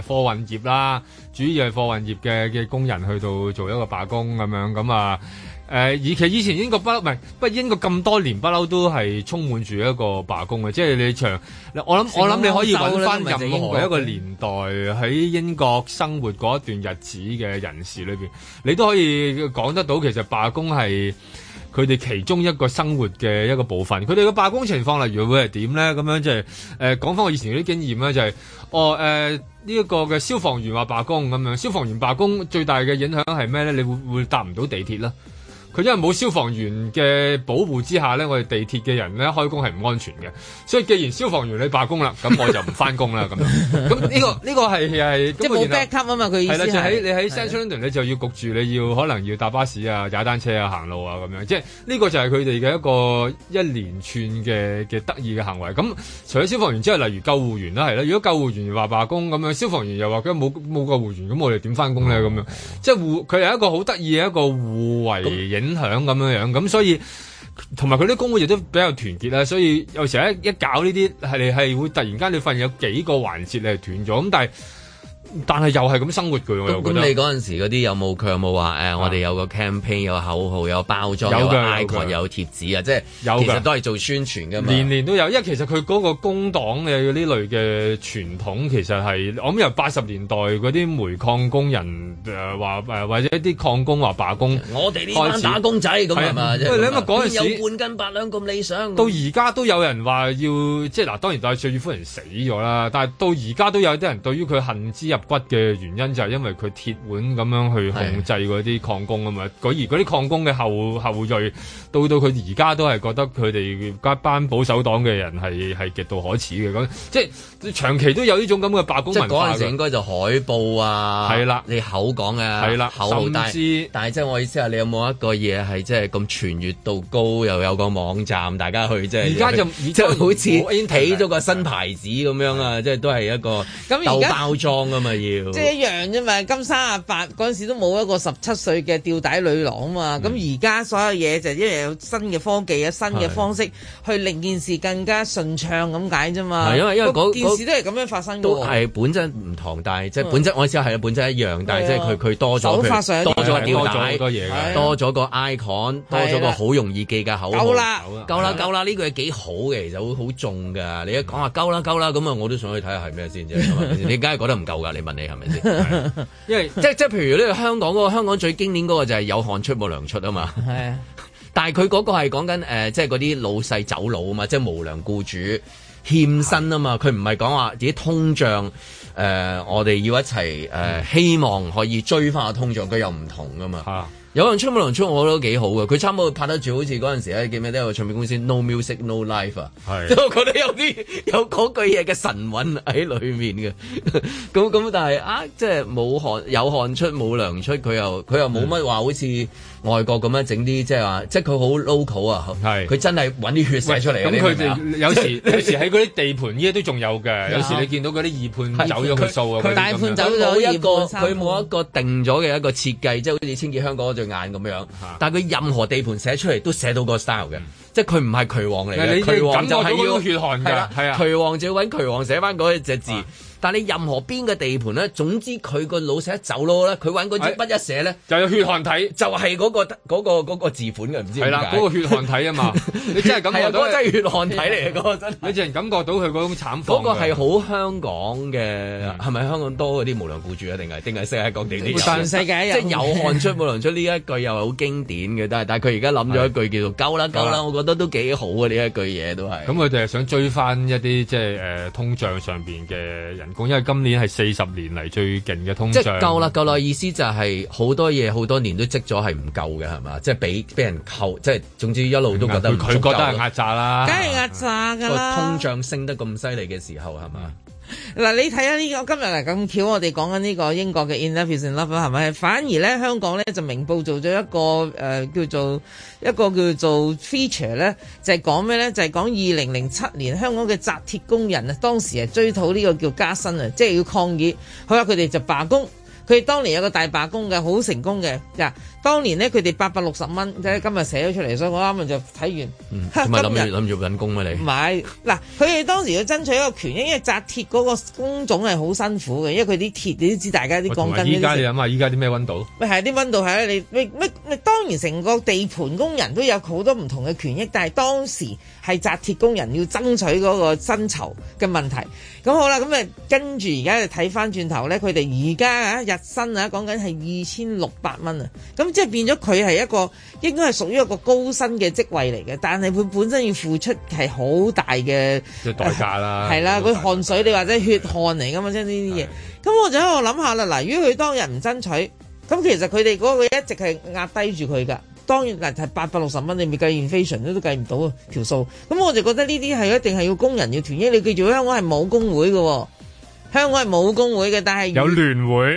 誒誒貨運業啦，主要係貨運業嘅嘅工人去到做一個罷工咁樣咁、嗯、啊。誒，而其實以前英國不嬲，唔係不英國咁多年不嬲，都係充滿住一個罷工嘅，即係你長。我諗我諗你可以揾翻任何一個年代喺英國生活嗰一段日子嘅人士裏面，你都可以講得到其實罷工係佢哋其中一個生活嘅一個部分。佢哋嘅罷工情況例如會係點咧？咁樣即係誒講翻我以前嗰啲經驗咧，就係哦誒呢一個嘅消防員話罷工咁樣，消防員罷工最大嘅影響係咩咧？你會會搭唔到地鐵啦。佢因為冇消防員嘅保護之下咧，我哋地鐵嘅人咧開工係唔安全嘅。所以既然消防員你罷工啦，咁我就唔翻工啦咁樣。咁呢個呢個係係 即係冇 back up 啊嘛，佢意思係啦，就喺你喺 Central London 你就要焗住，你要可能要搭巴士啊、踩單車啊、行路啊咁樣。即係呢個就係佢哋嘅一個一連串嘅嘅得意嘅行為。咁除咗消防員之外，例如救護員啦係啦，如果救護員話罷工咁樣，消防員又話佢冇冇救護員，咁我哋點翻工咧咁樣？即係互佢係一個好得意嘅一個互為影影響咁樣樣，咁所以同埋佢啲工會亦都比較團結啦，所以有時候一一搞呢啲係你係會突然間你發現有幾個環節你係斷咗，咁但係。但係又係咁生活嘅，不管你嗰陣時嗰啲有冇強冇話誒，我哋有，有，、啊啊、有個 campaign，有個口號，有包裝，有 icon 有貼紙啊，即係、就是、其實都係做宣傳嘅嘛。年年都有，因為其實佢嗰個工黨嘅呢類嘅傳統，其實係我諗由八十年代嗰啲煤礦工人誒話、呃、或者一啲礦工話罷工， 我哋呢班打工仔咁、就是、你啊，邊有半斤八兩咁理想到？到而家都有人話要即係嗱，當然就係戴卓爾夫人死咗啦，但係到而家都有啲人對於佢恨之入骨嘅原因就係因為佢鐵腕咁樣去控制嗰啲礦工啊嘛，佢而嗰啲礦工嘅後後裔，到到佢而家都係覺得佢哋班保守黨嘅人係係極度可恥嘅，咁即係長期都有呢種咁嘅罷工文化。嗰陣時候應該就海報啊，係啦，你口講啊，係啦，但係即係我意思你有冇一個嘢係即係咁傳閱度高，又有個網站大家去即係？而家就即係好似已經睇咗個新牌子咁樣啊，即係都係一個豆包裝啊。即係一樣啫嘛，金三阿八嗰陣時都冇一個十七歲嘅吊帶女郎啊嘛，咁而家所有嘢就因為有新嘅科技啊、新嘅方式去令件事更加順暢咁解啫嘛。因為因為件事都係咁樣發生嘅。都係本質唔同，但、嗯、係即係本質我意思係本質一樣，但係即係佢佢多咗佢多咗吊帶，多咗好多嘢，多咗個 icon，多咗個好容易記嘅口號啦。夠啦夠啦夠啦呢句嘢幾好嘅，其實好好重㗎。你一講下、啊、夠啦夠啦，咁啊我都想去睇下係咩先啫。 你梗係覺得唔夠㗎。你問你係咪先？ 因為即即譬如呢個香港嗰、那個、香港最經典嗰個就係有汗出冇糧出啊嘛。係啊但他那，但係佢嗰個係講緊即係嗰啲老細走佬啊嘛，即係無良僱主欠薪啊嘛。佢唔係講話自己通脹誒、呃，我哋要一齊誒、呃，希望可以追翻個通脹，佢又唔同噶嘛。有人出冇人出我都幾好嘅，佢差唔多拍得住好，好似嗰陣時咧叫咩咧個唱片公司 No Music No Life 都 但啊，即係我覺得有啲有嗰句嘢嘅神韻喺裡面嘅。咁咁但係啊，即係冇汗有汗出冇糧出，佢又佢又冇乜話好似外國咁樣整啲即係話，即係佢好 local 啊，佢真係揾啲血汗出嚟。咁佢哋有時 有時喺嗰啲地盤依家都仲有嘅， 有時你見到嗰啲二判走咗佢數啊，佢大判走咗一個佢冇一個定咗嘅一個設計，啊、即係好似清潔香港眼咁樣，但係佢任何地盤寫出嚟都寫到個 style 嘅，即係佢唔係渠王嚟嘅，渠王咁就係要血汗㗎，係啊，渠王就要揾渠王寫翻嗰隻字。啊但你任何邊嘅地盤咧，總之佢個老細一走咯咧，佢揾嗰支筆一寫咧、哎，就有、是、血汗體，就係、是、嗰、那個嗰、那個、那個字款嘅，唔知係啦，嗰、那個血汗體啊嘛， 你真係感覺到係、那個、真係血汗體嚟嘅嗰個真係，你陣感覺到佢嗰種慘況。嗰、那個係好香港嘅，係、嗯、咪香港多嗰啲無良僱主啊？定係定係世界各地啲？全、嗯、世界即係有汗、就是、出冇糧 出呢一句又係好經典嘅，但係但係佢而家諗咗一句叫做夠啦夠啦，我覺得都幾好啊呢一句嘢都係。咁佢哋係想追翻一啲即係誒、呃、通脹上邊嘅人。講因為今年係四十年嚟最勁嘅通脹，即係夠啦夠啦！意思就係好多嘢好多年都積咗係唔夠嘅係嘛？即係俾俾人扣，即係總之一路都覺得佢、嗯、覺得係壓榨啦，梗係壓榨㗎啦！通脹升得咁犀利嘅時候係嘛？嗱，你睇下呢個今日嚟，咁巧，我哋講緊呢個英國嘅 Enough is Enough 係咪？反而呢，香港呢就明報做咗一個誒、呃、叫做一個叫做 feature 呢就係講咩呢？就係講二零零七年香港嘅紮鐵工人啊，當時係追討呢個叫加薪啊，即係要抗議，好啦，佢哋就罷工，佢哋當年有個大罷工嘅，好成功嘅。當年咧，佢哋八百六十蚊，即係今日寫咗出嚟，所以我啱啱就睇完。唔、嗯、日諗住諗住揾工咩？你唔係嗱，佢 哋當時要爭取一個權益，因為紮鐵嗰個工種係好辛苦嘅，因為佢啲鐵你都知，大家啲鋼筋呢。依家你諗下，依家啲咩溫度？咪係啲溫度係你咩？當然，成個地盤工人都有好多唔同嘅權益，但係當時係紮鐵工人要爭取嗰個薪酬嘅問題。咁好啦，咁誒跟住而家就睇翻轉頭咧，佢哋而家啊日薪啊講緊係二千六百蚊啊，咁、啊。即係變咗佢係一個應該係屬於一個高薪嘅職位嚟嘅，但係佢本身要付出係好大嘅代價啦。係 啦，佢汗水你或者血汗嚟噶嘛？即係呢啲嘢。咁我就喺度諗下啦。嗱，如果佢當日唔爭取，咁其實佢哋嗰個一直係壓低住佢噶。當然係係八百六十蚊，你咪計 inflation 都計唔到啊條數。咁我就覺得呢啲係一定係要工人要團結。你記住香港係冇工會喎。香港係冇工會嘅，但係有聯會，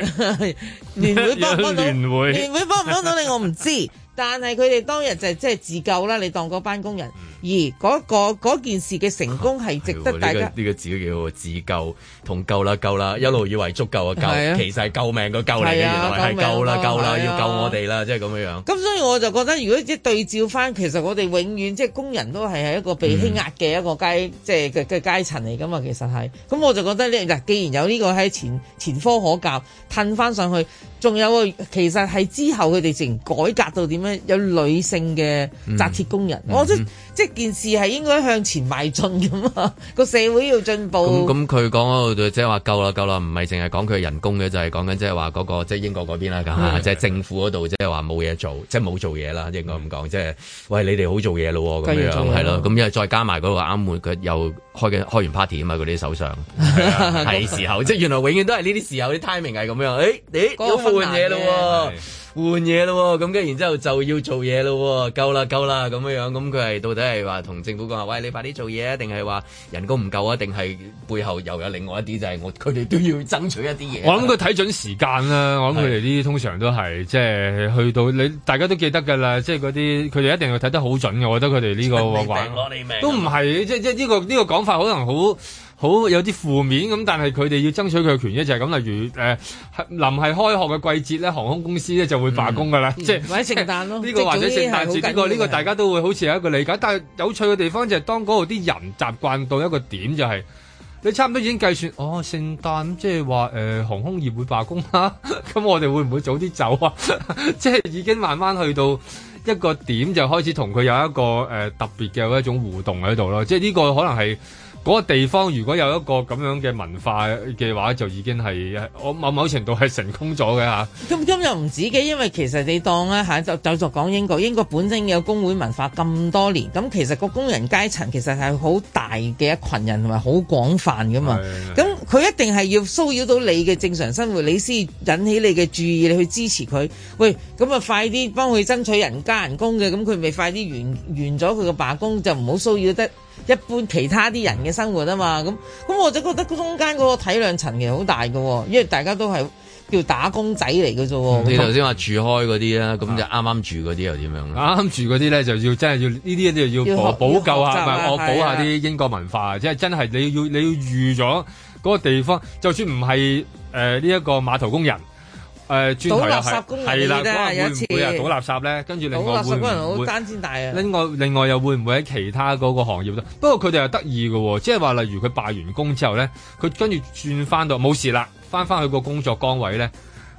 聯 會幫唔幫到你？聯會幫唔幫到你？我唔知，但係佢哋當日就係即係自救啦。你當嗰班工人。而嗰個嗰件事嘅成功係值得大家呢、啊啊這個呢、這個、自己叫自救同救啦救啦一路以為足夠啊救其實係救命個救嚟嘅、啊、原來係救啦救啦、啊、要救我哋啦即係咁樣樣。咁所以我就覺得如果即係對照翻，其實我哋永遠即係工人，都係係一個被欺壓嘅一個階、嗯、即係嘅階層嚟噶嘛。其實係咁，我就覺得呢嗱，既然有呢個喺前前科可教褪翻上去，仲有個其實係之後佢哋成改革到點樣有女性嘅紮鐵工人，嗯、我、嗯、即件事係應該向前邁進咁啊，個社會要進步。咁佢講嗰度即係話夠啦夠啦，唔係淨係講佢人工嘅，就係講緊即係話嗰個即係、就是、英國嗰邊啦嚇，即係政府嗰度即係話冇嘢做，即係冇做嘢啦，應該咁講。即係喂，你哋好做嘢咯咁樣，係咯。咁因為再加埋嗰、那個啱換佢又開嘅開完 party 啊嘛，嗰啲手上係、啊、時候， 即係原來永遠都係呢啲時候啲 timing 係咁樣。咦、哎？你嗰副嘢咯。那個換嘢咯，咁跟然之後就要做嘢咯，夠啦，夠啦咁樣樣，咁佢係到底係話同政府講話喂，你快啲做嘢啊，定係話人工唔夠啊，定係背後又有另外一啲就係、是、我佢哋都要爭取一啲嘢。我諗佢睇準時間啦，我諗佢哋啲通常都係即係去到你大家都記得噶啦，即係嗰啲佢哋一定要睇得好準嘅。我覺得佢哋呢個攞你命、啊、都唔係即即呢、呢個呢、呢個講法可能好。好有啲負面咁，但係佢哋要爭取佢嘅權益就係、是、咁。例如誒、呃，臨係開學嘅季節咧，航空公司咧就會罷工㗎啦、嗯，即係或者聖誕咯。呢、這個或者聖誕節呢個呢個，這個、大家都會好似有一個理解。但係有趣嘅地方就係當嗰度啲人習慣到一個點，就係、是、你差唔多已經計算哦，聖誕即係話誒航空業會罷工啦、啊、咁、 嗯、我哋會唔會早啲走啊？ 即係已經慢慢去到一個點，就開始同佢有一個、呃、特別嘅一種互動喺度咯。即係呢個可能係。嗰、那個地方如果有一個咁樣嘅文化嘅話，就已經係我某某程度係成功咗嘅嚇。咁今日唔止嘅，因為其實你當啦嚇、啊，就就續講英國，英國本身有工會文化咁多年，咁其實個工人階層其實係好大嘅一群人同埋好廣泛噶嘛。咁佢一定係要騷擾到你嘅正常生活，你先引起你嘅注意，你去支持佢。喂，咁啊快啲幫佢爭取人加人工嘅，咁佢咪快啲完完咗佢嘅罷工，就唔好騷擾得。一般其他啲人嘅生活啊嘛，咁咁我就覺得中間嗰個體諒層其實好大嘅，因為大家都係叫打工仔嚟嘅啫。你頭先話住開嗰啲啊，咁就啱啱住嗰啲又點樣？啱啱住嗰啲咧就要真係要呢啲咧就要補救下，唔係我補下啲英國文化，即係真係你要你要預咗嗰個地方，就算唔係誒呢一個碼頭工人。誒轉頭啦，係啦，會唔會啊倒垃圾咧、嗯啊？跟住另外倒垃圾好單大啊！另外另外又會唔會喺其他嗰個行業，不過佢哋又得意嘅喎，即係話例如佢罷完工之後咧，佢跟住轉翻到冇事啦，翻翻去個工作崗位咧，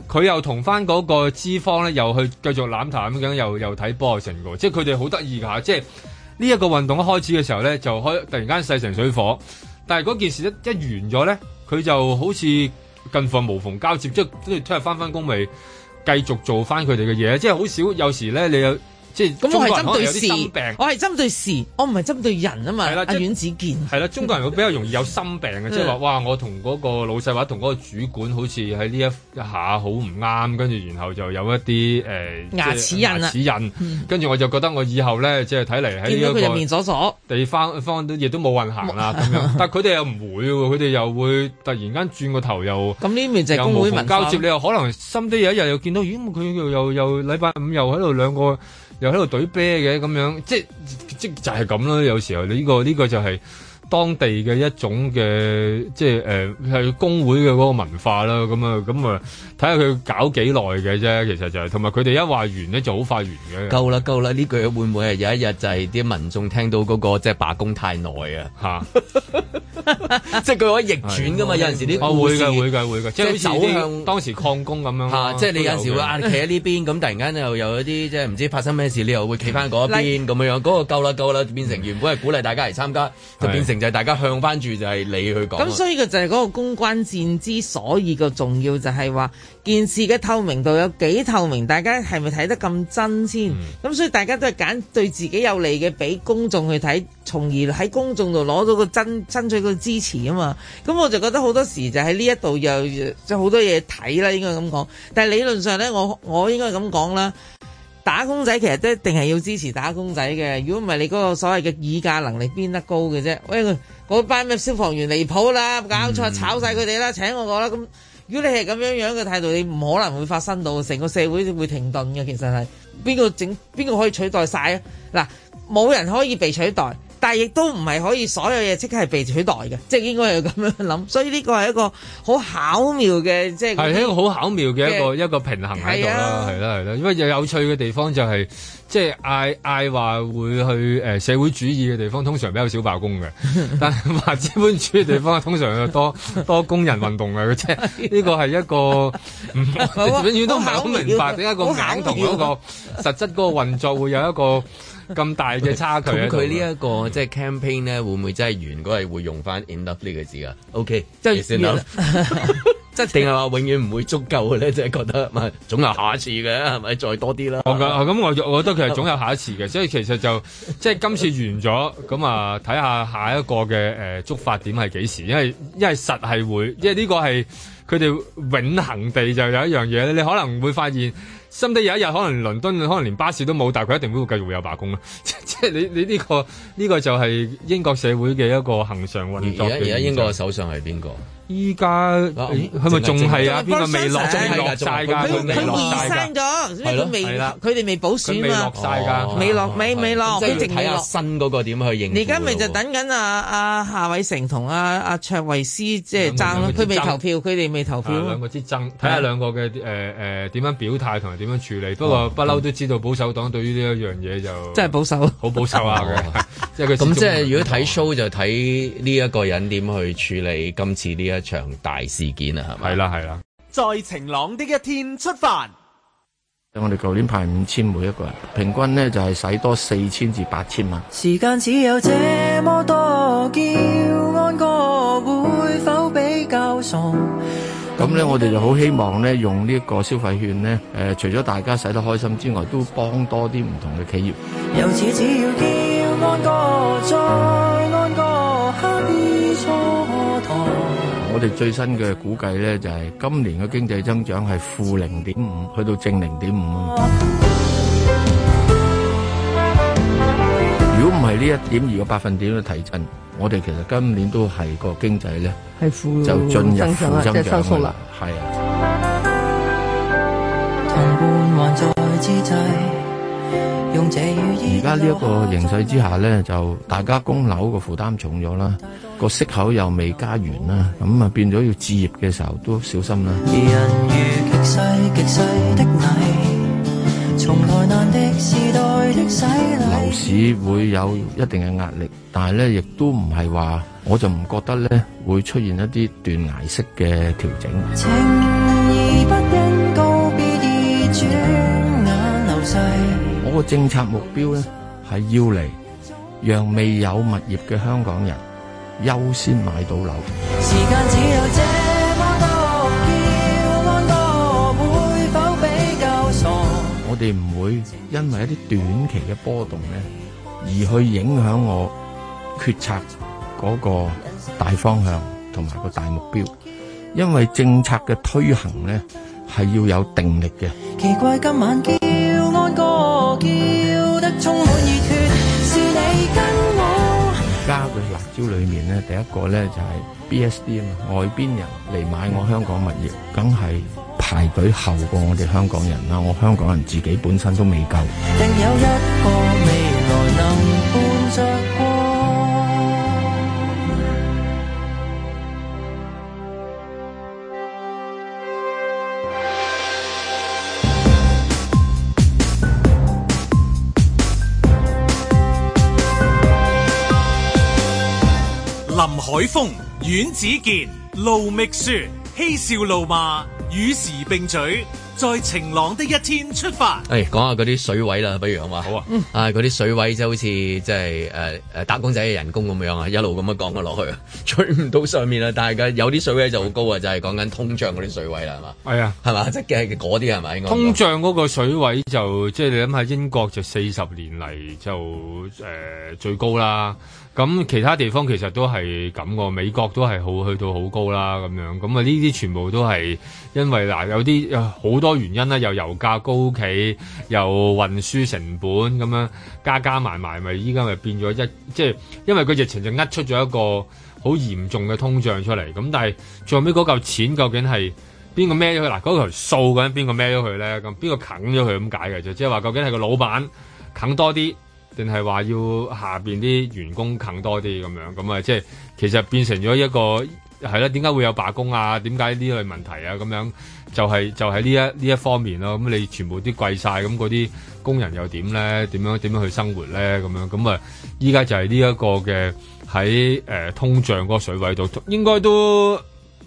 佢又同翻嗰個脂肪咧又去繼續攬頭攬頸，又又睇波 o x 喎，即係佢哋好得意㗎，即係呢一個運動一開始嘅時候咧就開突然間勢成水火，但係嗰件事一一完咗咧，佢就好似。近況無縫交接，即係即係聽日翻返工未繼續做翻佢哋嘅嘢，即係好少有時咧，你有。咁我係針對事，我係針對事，我唔係針對人啊嘛。係啦，阿阮子健。係啦，中國人會比較容易有心病嘅， 即係話哇，我同嗰個老細或者同嗰個主管好似喺呢一下好唔啱，跟住然後就有一啲誒、呃、牙齒印啊，牙齒印。跟、嗯、住我就覺得我以後咧，即係睇嚟喺佢入面鎖鎖地方，見見左左地方，地方都亦都冇運行啦、啊。咁 但佢哋又唔會，佢哋又會突然間轉個頭又咁呢面就係公會文化交接，你又可能深啲有一日又見到，咦？佢又又又禮拜五又喺度兩個。又喺度懟啤嘅咁樣，即即就係咁囉。有時候呢、呢個呢、呢個就係、是。當地嘅一種嘅即係誒係工會嘅嗰個文化啦，咁啊咁啊睇下佢搞幾耐嘅啫，其實就係同埋佢哋一話完咧就好快完嘅。夠啦夠啦！呢句會唔會係有一日就係啲民眾聽到嗰、嗰個即係、就是、罷工太耐啊？吓 即係佢可以逆轉噶嘛？有陣時啲會嘅會嘅會嘅，即係走向當時抗工咁樣、啊、即係你有時會企喺呢邊咁突然間又又有啲即係唔知發生咩事，你又會企翻嗰邊咁樣嗰、嗰個夠啦夠啦，變成原本係鼓勵大家嚟參加、嗯，就變成。就是，大家向翻住就係、是、你去講，咁所以佢就係嗰個公關戰之所以個重要就係話，件事嘅透明度有幾透明，大家係咪睇得咁真先？咁、嗯、所以大家都係揀對自己有利嘅俾公眾去睇，從而喺公眾度攞到個真爭取個支持啊嘛。咁我就覺得好多時就喺呢一度又即好多嘢睇啦，應該咁講。但係理論上呢，我我應該咁講啦。打工仔其實都一定係要支持打工仔嘅，如果唔係你嗰個所謂嘅議價能力變得高嘅啫？喂，嗰班咩消防員離譜啦，搞錯炒晒佢哋啦，請我個啦。咁如果你係咁樣樣嘅態度，你唔可能會發生到成個社會會停頓嘅。其實係邊個整？邊個可以取代晒？啊？嗱，冇人可以被取代。但係亦都唔係可以所有嘢即刻係被取代嘅，即係應該係咁樣諗。所以呢個係一個好巧妙嘅，即係係一個好巧妙嘅一個一個平衡喺度啦，係啦係啦。因為有有趣嘅地方就係、是，即係嗌嗌話會去誒、呃、社會主義嘅地方，通常比較少罷工嘅， 但係話資本主義嘅地方通常又多 多工人運動嘅。即係呢、這個係一個唔，永 遠 都唔係好明白點解 個名同嗰、那個 實質嗰個運作會有一個。 咁大嘅差距，佢、嗯這個、呢一個即係 campaign 咧，會唔會真係完嗰係會用翻 End Up 呢個字啊？OK，即係算啦，即係定係話永遠唔會足夠嘅咧，即、就、係、是、覺得咪 總有下一次嘅，係 咪再多啲啦？我咁我我覺得其實總有下一次嘅， 所以其實就即係今次完咗，咁啊睇下下一個嘅誒、呃、觸發點係幾時？因為因為實係會，因為呢個係佢哋永恆地就有一樣嘢咧，你可能會發現。心諗有一日可能倫敦可能連巴士都冇，但係佢一定會繼續會有罷工。即即係 你你呢個呢個就係英國社會嘅一個恒常運作。而家而家英國嘅首相係邊個？依家佢咪仲係啊？邊個未落？仲未落佢佢二咗，未。佢哋未保選啊。落晒㗎，未落、未、未落，佢直係落。新嗰個點去認？而家咪就，就等緊啊啊夏偉成同啊啊卓維斯即係爭，佢未，未投票，佢哋未、嗯、未投票。兩個之爭，睇下兩個嘅誒誒點樣表態同埋點樣處理。啊、不過不嬲都知道保守黨對於呢一樣嘢就即係保守，好保守啊，即係佢。咁即係如果睇 show 就睇呢一個人點去處理今次呢一？一場大事件啊，係咪？係啦，係啦。在晴朗的一天出發。等我哋舊年派五千每一個人，平均呢就係、是、使多四千至八千萬。時間只有這麼多，叫安哥會否比較傻？咁呢，我哋就好希望呢，用呢個消費券呢，誒、呃，除咗大家使得開心之外，都幫多啲唔同嘅企業。由此只要叫安哥做，嗯。我哋最新嘅估計咧，就係、是、今年嘅經濟增長係負零點五，去到正零點五。如果唔係呢一點二個百分點嘅提振，我哋其實今年都係、這個經濟咧，就進入負增長嘅啦。係啊，同而家呢一個形勢之下咧，就大家供樓個負擔重咗啦，個息口又未加完啦，咁啊變咗要置業嘅時候都小心啦。樓市會有一定嘅壓力，但係咧亦都唔係話，我就唔覺得咧會出現一啲斷崖式嘅調整。嗰個政策目標咧，係要嚟讓未有物業嘅香港人優先買到樓。我哋唔會因為一啲短期嘅波動咧，而去影響我決策嗰個大方向同埋個大目標，因為政策嘅推行咧係要有定力嘅。奇怪，今晚叫安哥。我叫得充滿熱血是你跟我加嘅辣椒裏面呢，第一個呢就係、是、BSD 嘛，外邊人嚟買我香港物業梗係排隊候過我哋香港人啦，我香港人自己本身都未夠。定有一個未來能伴着海峰、阮子健，盧覓雪，嬉笑怒罵，與時並舉。在晴朗的一天出發。誒、哎，講下嗰啲水位啦，不如好嘛？好啊，嗯、啊，嗰啲水位就好似即係誒誒打工仔嘅人工咁樣啊，一路咁樣降咗落去，吹唔到上面啦。但係有啲水位就好高啊、嗯，就係、是、講緊通脹嗰啲水位啦，係、嗯、嘛？係啊，係嘛？即係嗰啲係咪？應該通脹嗰個水位就即係、就是就是、你諗下英國就四十年嚟就誒、呃、最高啦。咁其他地方其實都係咁個，美國都係好去到好高啦咁樣。咁啊呢啲全部都係因為嗱、啊、有啲好、啊、多。多原因咧，又油價高企，又運輸成本咁樣加加埋埋，咪依家咪變咗一即係，因為佢疫情就呃出咗一個好嚴重嘅通脹出嚟。咁但係最後尾嗰嚿錢究竟係邊個孭咗佢？嗱，嗰嚿數咁邊個孭咗佢咧？咁邊個啃咗佢咁解嘅就即係話究竟係個老闆啃多啲，定係話要下面啲員工啃多啲咁樣？咁啊，即係其實變成咗一個係啦。點解會有罷工啊？點解呢類問題啊？咁樣。就係、是、就係、是、呢一呢一方面咯，咁你全部啲貴晒，咁嗰啲工人又點咧？點樣點樣去生活咧？咁樣咁啊！依家就係呢一個嘅喺誒通脹嗰個水位度，應該都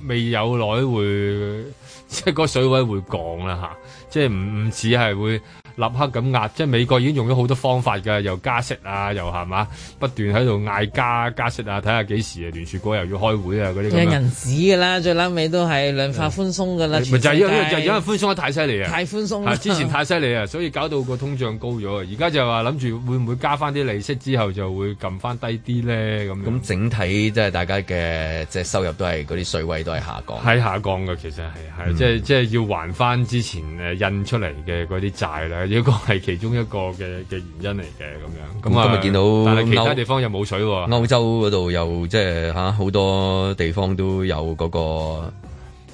未有耐會，即、就、係、是、個水位會降啦吓？即係唔唔止係會。立刻咁壓，即係美國已經用咗好多方法㗎，又加息啊，又係嘛、啊，不斷喺度嗌加加，加息啊，睇下幾時啊，聯儲局又要開會啊嗰啲。有銀紙㗎啦，最撚尾都係量化寬鬆㗎啦。咪就係因為就因為寬鬆得太犀利啊，太寬鬆。之前太犀利啊，所以搞到個通脹高咗。而家就話諗住會唔會加翻啲利息之後就會撳翻低啲咧咁。咁整體即係大家嘅即係收入都係嗰啲稅位都係下降。係下降㗎，其實係係即係即係要還翻之前誒印出嚟嘅嗰啲債咧。如果係其中一個嘅嘅原因嚟嘅咁樣，咁今日見到，但係其他地方又冇水喎。歐洲嗰度又即係吓好多地方都有嗰個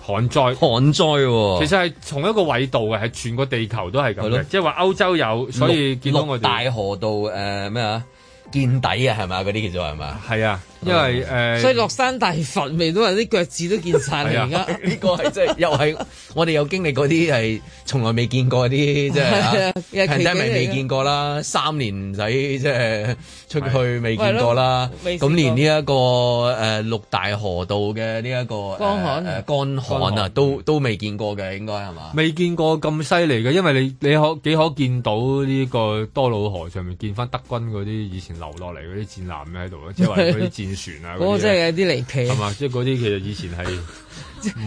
旱災，旱災喎。其實係同一個緯度嘅，係全個地球都係咁嘅，即係話歐洲有，所以見到我大河道誒咩啊見底係咪嗰啲係咪係啊，係咪？嗰啲叫做係咪？係啊。因為誒、嗯，所以落、呃、山大佛未到，啲腳趾都見晒。而家呢個係即係又係我哋有經歷嗰啲係從來未見過啲，即係啊，pandemic 未見過啦，三年唔使即係出去未見過啦，咁連呢、這、一個誒、呃、六大河道嘅呢一個乾旱、乾旱，呃、江啊，都都未見過嘅，應該係嘛？未見過咁犀利嘅，因為你你可幾可見到呢個多瑙河上面見翻德軍嗰啲以前流落嚟嗰啲戰艦喺度即係嗰啲戰艦船啊！哇、嗰個，真係有啲離奇啊！係嘛，即係嗰啲其實以前係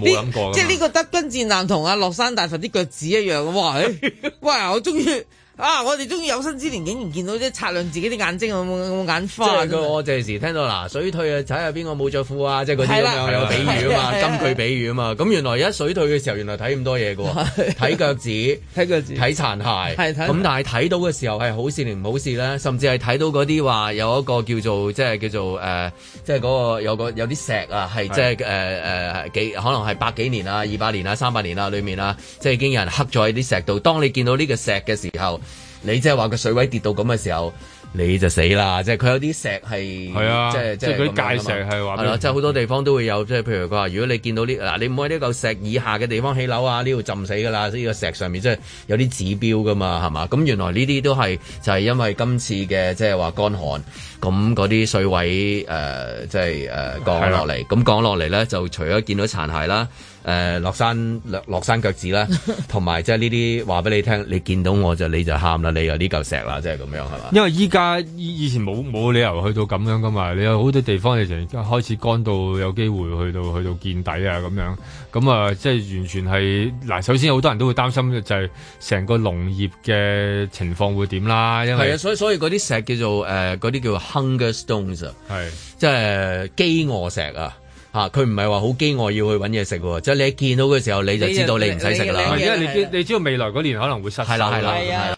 冇諗過嘅。 即係呢個德軍戰艦同阿樂山大佛啲腳趾一樣。哇！喂、欸，我中意。啊！我哋終於有生之年竟然見到啫，擦亮自己啲眼睛有有，有冇眼花噶？我陣時聽到嗱，水退啊，睇下邊個冇着褲啊，即係嗰啲咁樣比喻啊嘛，金句比喻啊嘛。咁原來一水退嘅時候，原來睇咁多嘢嘅喎，睇腳趾，睇腳趾，睇殘骸。咁但係睇到嘅時候係好事定唔好事咧？甚至係睇到嗰啲話有一個叫做即係叫做誒，即係嗰個有個有啲石啊，係即係誒誒幾可能係百幾年啊、二百年啊、三百年啊裏面啊，即係已經有人刻咗喺啲石度。當你見到呢個石嘅時候，你即係話個水位跌到咁嘅時候，你就死啦！即係佢有啲石係、啊，即係即係嗰啲界石係話，係即係好多地方都會有，即係譬如佢話，如果你見到呢，嗱，你唔好喺呢嚿石以下嘅地方起樓啊，呢度浸死㗎啦！呢個石上面即係有啲指標㗎嘛，係嘛？咁原來呢啲都係就係、係、因為今次嘅即係話乾旱，咁嗰啲水位誒、呃、即係誒、呃、降落嚟，咁、啊、降落嚟咧就除咗見到殘骸啦。誒、呃、落山落落山腳趾啦，同埋即係呢啲話俾你聽，你見到我就你就喊啦，你有呢嚿石啦，即係咁樣係嘛？因為依家以前冇冇理由去到咁樣噶嘛，你有好多地方你成開始乾到有機會去到去到見底啊咁樣，咁啊即係完全係嗱，首先好多人都會擔心就係成個農業嘅情況會點啦，因為係啊，所以所以嗰啲石叫做誒嗰啲叫做 hunger stones，係即係饑餓石啊。嚇，佢唔係話好飢餓要去揾嘢食喎，即係你一見到嘅時候你就知道你唔使食啦。因為你知你，你，你，你知道未來嗰年可能會失收。係啦係啦係啦。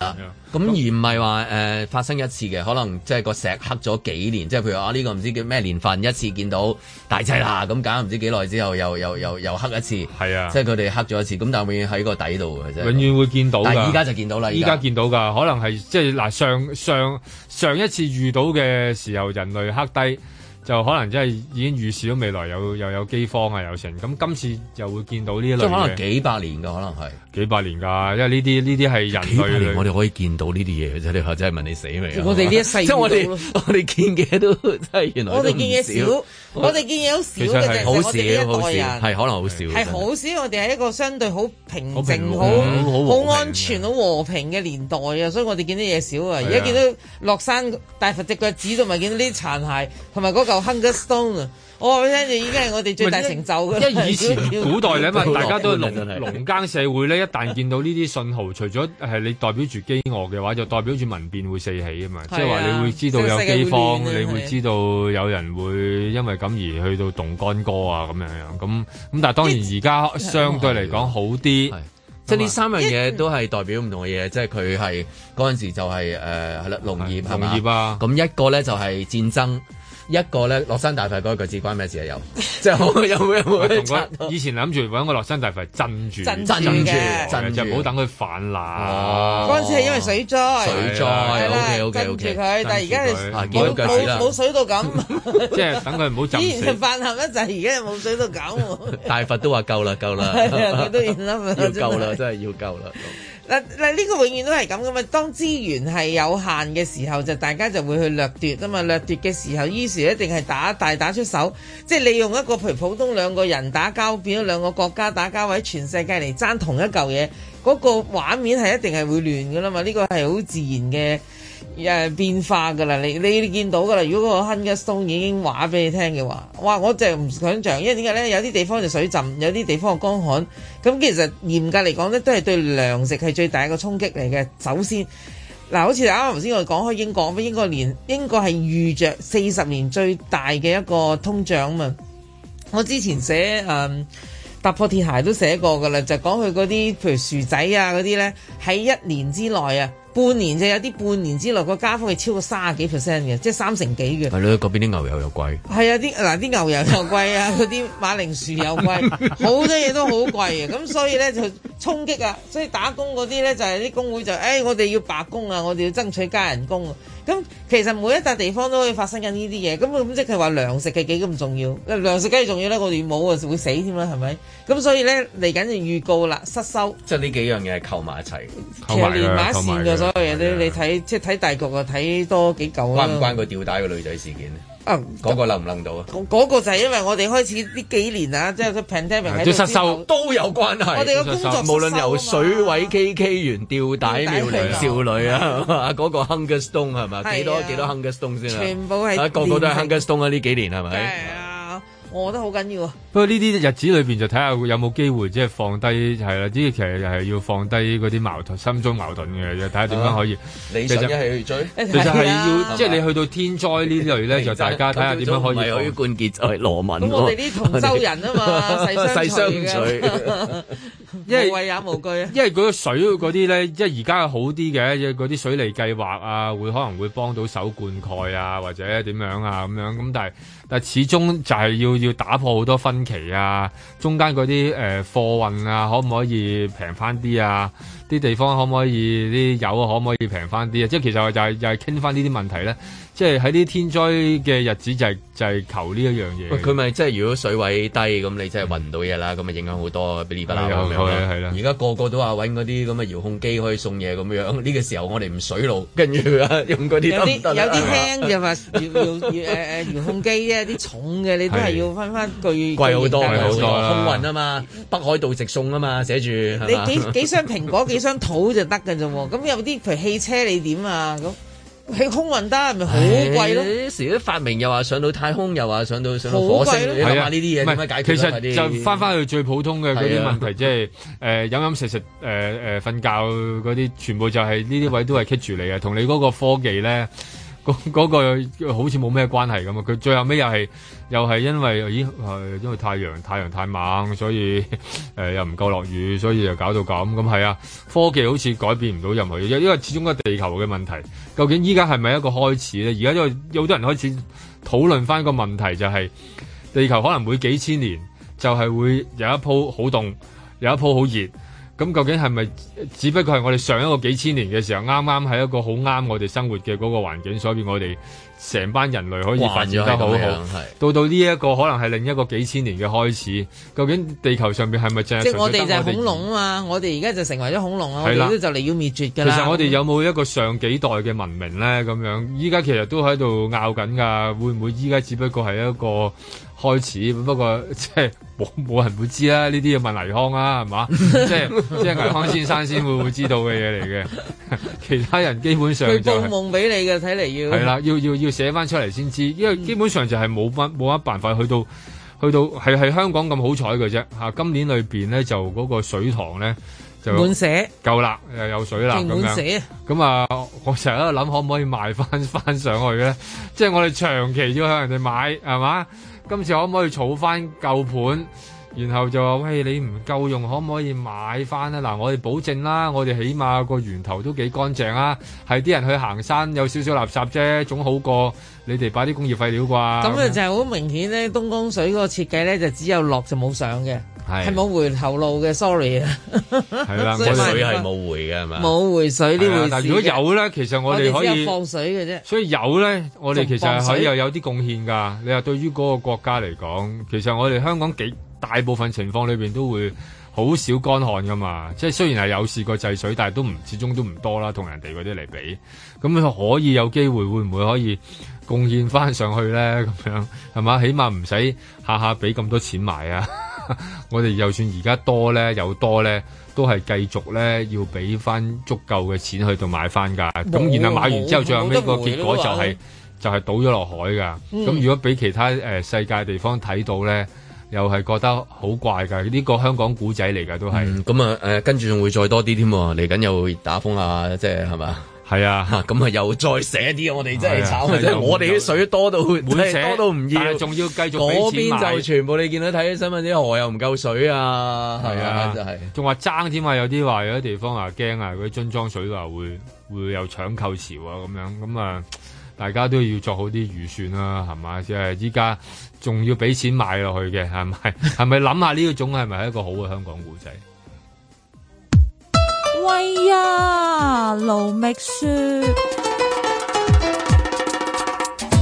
咁而唔係話誒發生一次嘅，可能即係個石黑咗幾年，即係譬如啊呢個唔知叫咩年份一次見到大掣啦，咁揀唔知幾耐之後又又又又黑一次。係啊，即係佢哋黑咗一次，咁但係永遠喺個底度永遠會見到。但依家就見到啦，依家見到㗎，可能係即係嗱上上上一次遇到嘅時候人類黑低。就可能真係已經預示咗未來有又,又有飢荒啊，有成咁今次又會見到呢一類，即係可能幾百年㗎，可能係。幾百年噶，因為呢啲呢啲係人類，幾百年我哋可以見到呢啲嘢。真你或者係問你死未啊？我哋呢一世， 我哋我哋見嘅都真係原來我哋見嘢少，我哋見嘢都少嘅，就係、是、我哋呢一代人係可能好少，係好少。我哋係一個相對好平靜、好好安全、好和平嘅年代啊，所以我哋見啲嘢少啊。而家見到樂山大佛隻腳趾，同埋見到啲殘骸，同埋嗰嚿 Hunger Stone 啊。我話俾你聽，就已經係我哋最大成就。因為以前古代咧嘛，大家都農農耕社會咧，一旦見到呢啲信號， 除咗係你代表住饑餓嘅話，就代表住民變會四起啊嘛。即係話你會知道有饑荒，你會知道有人會因為咁而去到動干戈啊咁樣樣。咁咁、啊啊，但係當然而家相對嚟講好啲。即係呢三樣嘢都係代表唔同嘅嘢，即係佢係嗰陣時就係誒係啦，農業、啊、農業啊。咁一個咧就係戰爭。一個咧，樂山大佛嗰句字關咩事啊？有，即係有咩冇、那個？以前諗住揾個樂山大佛鎮住，鎮住，鎮住就唔好等佢泛濫。嗰陣、嗯啊、時係因為水災，水災係啦，鎮住佢。但係而家冇冇水到咁， 即係等佢唔好泛濫一齊。而家冇水到咁。大佛都話夠啦，夠啦，要夠啦，真係要夠啦。嗱嗱，呢個永遠都係咁噶嘛。當資源係有限嘅時候，就大家就會去掠奪啊嘛。掠奪嘅時候，於是一定係打大打出手，即係利用一個譬如普通兩個人打交，變咗兩個國家打交，或者全世界嚟爭同一嚿嘢，嗰、那個畫面係一定係會亂噶啦嘛。呢、這個係好自然嘅。誒變化㗎啦，你你見到㗎啦。如果嗰個亨吉松已經話俾你聽嘅話，哇！我就唔想象，因為點解呢？有啲地方就水浸，有啲地方嘅乾旱。咁其實嚴格嚟講呢，都係對糧食係最大一個衝擊嚟嘅。首先，嗱，好似啱啱頭先我講開已經講，英國年英國係遇着四十年最大嘅一個通脹啊嘛。我之前寫嗯，踏破鐵鞋都寫過㗎啦，就講佢嗰啲譬如薯仔啊嗰啲呢，喺一年之內啊。半年就有啲半年之內個加幅係超過三十幾 percent 嘅，即係三成幾嘅。係咯，嗰邊啲牛油又貴，係啊啲嗱啲牛油又貴啊，嗰 啲馬鈴薯又貴，好多嘢都好貴嘅。咁 所以咧就衝擊啊，所以打工嗰啲咧就係啲工會就誒、哎，我哋要罷工啊，我哋要爭取加人工。咁其實每一笪地方都可以發生緊呢啲嘢，咁咁即係話糧食嘅幾咁重要，糧食梗係重要啦，我哋冇啊會死添啦，係咪？咁所以咧嚟緊就預告啦，失收。即係呢幾樣嘢係扣埋一齊，其實連埋一線嘅所有嘢咧，你睇即係睇大局啊，睇多幾久啦。關唔關個吊帶個女仔事件？啊、嗯！嗰、那個能唔能到啊？嗰、嗯那個就係因為我哋開始呢幾年啊，即、就、係、是、啲 pandemic 喺度受都有關係。我哋嘅工作無論由水位 KK 完吊帶妙齡少女啊，嗰 個 Hungerstone 係咪？幾、啊、多幾多 Hungerstone 先啊？全部係、啊、個個都係 Hungerstone 啊！呢幾年係咪？我覺得好緊要、啊。不過呢啲日子裏邊就睇下有冇機會，即係放低係啦。呢啲其實就係要放低嗰啲矛盾，心中矛盾嘅，就睇下點樣可以。 你一係去追，其實係、啊、要，即係你去到天災呢類咧，就 大家睇下點樣可以。水灌羅文。我哋啲同舟人啊嘛，誓 我們 相隨隨嘅。無畏也無懼。因為嗰 個水嗰啲咧，即係而家好啲嘅，即係嗰啲水利計劃啊，會可能會幫到手灌溉啊，或者點樣啊咁樣，咁但係。但始終就係要要打破好多分歧啊！中間嗰啲誒貨運啊，可唔可以平返啲啊？啲地方可唔可以，啲油可唔可以平翻啲啊？即係其實就係又係傾翻呢啲問題咧。即係喺啲天災嘅日子，就係，就係、係、就係求呢一樣嘢。佢咪即係如果水位低咁，你真係運唔到嘢啦。咁咪影響好多。而家個個都話揾嗰啲咁嘅遙控機可以送嘢咁樣。呢、呢個時候我哋唔水路，跟住用啲有啲有啲輕嘅嘛，用誒遙控機啫。啲重嘅你都係要分翻巨貴好多。冇錯，空運啊嘛，啊，北海道直送啊嘛，寫住。你幾幾箱蘋果幾？張土就得嘅啫喎，咁有啲譬如汽車你點啊咁？空運單係咪好貴咯。啲、哎、時都發明又話上到太空，又話上到上到火星，諗下呢啲嘢，想想啊、解其實就翻翻去最普通嘅嗰啲問題、就是，即係誒飲飲食食，誒誒瞓覺嗰啲，全部就係呢啲位都係棘住你嘅。同你嗰個科技咧。嗰 個好似冇咩關係咁啊！佢最後尾又係又係因為咦，因為太陽太陽太猛，所以誒、呃、又唔夠落雨，所以就搞到咁咁係啊。科技好似改變唔到任何嘢，因為始終個地球嘅問題究竟依家係咪一個開始咧？而家因為有好多人開始討論翻個問題，就是，就係地球可能每幾千年就係會有一鋪好凍，有一鋪好熱。咁究竟係咪只不過係我哋上一個幾千年嘅時候啱啱係一個好啱我哋生活嘅嗰個環境，所以我哋成班人類可以發展得好好。到到呢一個可能係另一個幾千年嘅開始。究竟地球上邊係咪正？即係我哋就係恐龍啊嘛！我哋而家就成為咗恐龍啊！我哋都就嚟要滅絕㗎啦。其實我哋有冇一個上幾代嘅文明咧？咁樣依家其實都喺度拗緊噶，會唔會依家只不過係一個？開始，不過即係冇冇人會知啦，呢啲要問黎康啊，係嘛？ 即係即係黎康先生先會會知道嘅嘢嚟嘅， 其他人基本上佢報夢俾你嘅，睇嚟要係啦，要要要寫翻出嚟先知，因為基本上就係冇乜冇乜辦法去到去到係係香港咁好彩嘅啫吓，今年裏邊咧就嗰個水塘咧就滿寫夠啦，又有水啦，滿寫。咁啊，我成日喺度諗可唔可以賣翻翻上去咧？即係我哋長期要向人哋買，係嘛？今次可唔可以儲翻舊盤，然後就話喂你唔夠用，可唔可以買翻呢？嗱，我哋保證啦，我哋起碼個源頭都幾乾淨啊，係啲人去行山有少少垃圾啫，總好過你哋擺啲工業廢料啩。咁啊，就係好明顯咧，東江水嗰個設計咧，就只有落就冇上嘅。係冇回頭路嘅，sorry 啊， 所以我水係冇回嘅係嘛，冇回水呢回事。但如果有咧，其實我哋可以我放水嘅啫。所以有咧，我哋其實係又有啲貢獻噶。你話對於嗰個國家嚟講，其實我哋香港幾大部分情況裏邊都會好少乾旱噶嘛。即係雖然係有試過制水，但係都唔始終都唔多啦，同人哋嗰啲嚟比。咁可以有機會會唔會可以貢獻翻上去咧？咁樣係嘛，起碼唔使下下俾咁多錢買啊。 我哋就算而家多咧，有多咧，都係繼續咧要俾翻足夠嘅錢去到買翻噶，咁然後買完之後有最後呢個結果就係、是、就係、是就是、倒咗落海噶。咁、嗯、如果俾其他誒、呃、世界地方睇到咧，又係覺得好怪噶。呢、這個香港古仔嚟噶都係。咁啊誒，跟住仲會再多啲添，嚟緊又會打風啊，即係係嘛。係啊，咁啊又再寫啲我哋真係炒即係、啊啊、我哋啲水多到，真係多到唔要。仲要繼續。嗰邊就全部你見到睇新聞，啲河又唔夠水啊，係啊，真係、啊。仲話爭點嘛、啊？有啲話有啲地方啊驚啊，嗰啲樽裝水啊會會有搶購潮啊咁樣。咁啊，大家都要做好啲預算啦、啊，係嘛？即係依家仲要俾錢買落去嘅，係咪？係咪諗下呢個種係咪係一個好嘅香港故仔？威、哎、呀！盧覓雪，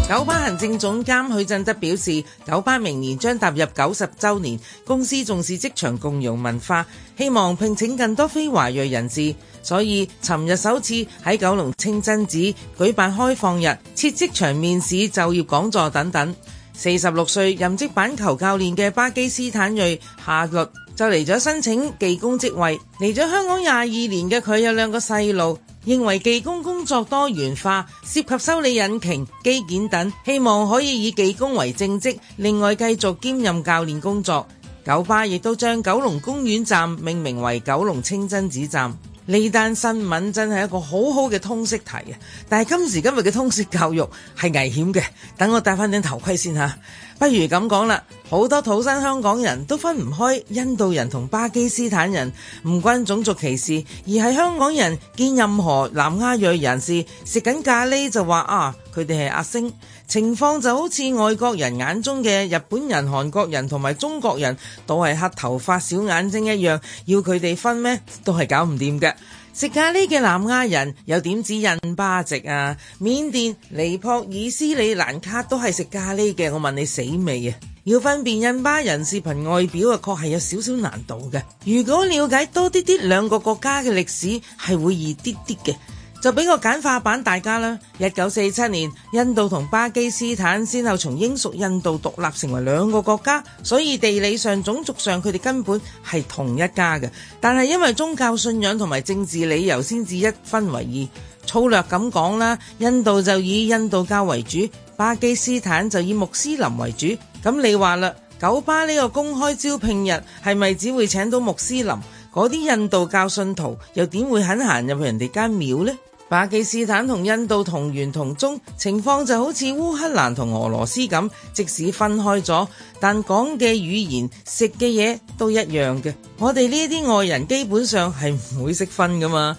九巴行政總監許振德表示，九巴明年將踏入九十周年，公司重視職場共融文化，希望聘請更多非華裔人士，所以尋日首次喺九龍清真寺舉辦開放日，設職場面試、就業講座等等。四十六歲任職板球教練嘅巴基斯坦裔夏律。就嚟咗申請技工職位，嚟咗香港廿二年嘅佢有兩個細路，認為技工工作多元化，涉及修理引擎、機件等，希望可以以技工為正職，另外繼續兼任教練工作。九巴亦都將九龍公園站命名為九龍清真寺站。呢單新聞真係一個好好嘅通識題啊！但係今時今日嘅通識教育係危險嘅，等我戴翻頂頭盔先吓，不如咁講啦，好多土生香港人都分唔開印度人同巴基斯坦人，唔關種族歧視，而係香港人見任何南亞裔人士食緊咖喱，就話啊，佢哋係阿星。情況就好似外國人眼中嘅日本人、韓國人同埋中國人，都係黑頭髮、小眼睛一樣，要佢哋分咩都係搞唔掂嘅。食咖喱嘅南亞人又點止印巴籍啊，緬甸、尼泊爾、斯里蘭卡都係食咖喱嘅。我問你死未啊？要分辨印巴人視頻外表啊，確係有少少難度嘅。如果了解多啲啲兩個國家嘅歷史是一點點的，係會易啲啲嘅。就俾個簡化版大家啦。一九四七年，印度同巴基斯坦先後從英屬印度獨立成為兩個國家，所以地理上、種族上佢哋根本係同一家嘅。但係因為宗教信仰同埋政治理由，先至一分為二。粗略咁講啦，印度就以印度教為主，巴基斯坦就以穆斯林為主。咁你話啦，九巴呢個公開招聘日係咪只會請到穆斯林？嗰啲印度教信徒又點會肯行入去人哋間廟呢？巴基斯坦同印度同源同宗，情況就好似烏克蘭同俄羅斯咁，即使分開咗，但講嘅語言、食嘅嘢都一樣嘅。我哋呢啲外人基本上係唔會識分噶嘛。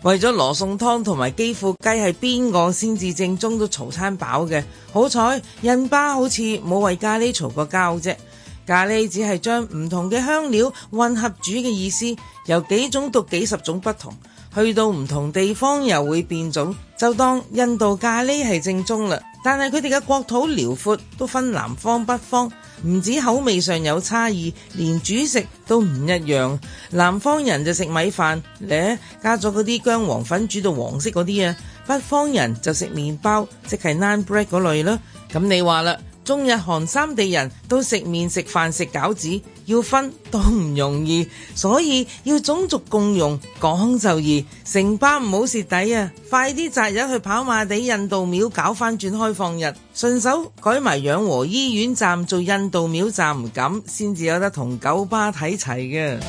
為咗羅宋湯同埋基輔雞係邊個先至正宗都嘈餐飽嘅。好彩印巴好似冇為咖喱嘈過交啫。咖喱只係將唔同嘅香料混合煮嘅意思，由幾種到幾十種不同。去到唔同地方又會變種，就當印度咖喱係正宗啦。但係佢哋嘅國土遼闊，都分南方北方，唔止口味上有差異，連主食都唔一樣。南方人就食米飯，咧加咗嗰啲薑黃粉煮到黃色嗰啲啊。北方人就食麵包，即係 naan bread 嗰類啦。咁你話啦？ 中日韓三地人都食麵食飯食餃子，要分都唔容易，所以要種族共融講就易，成班唔好蝕底啊！快啲擇日去跑馬地印度廟搞翻轉開放日，順手改埋養和醫院站做印度廟站咁，先至有得同九巴睇齊嘅。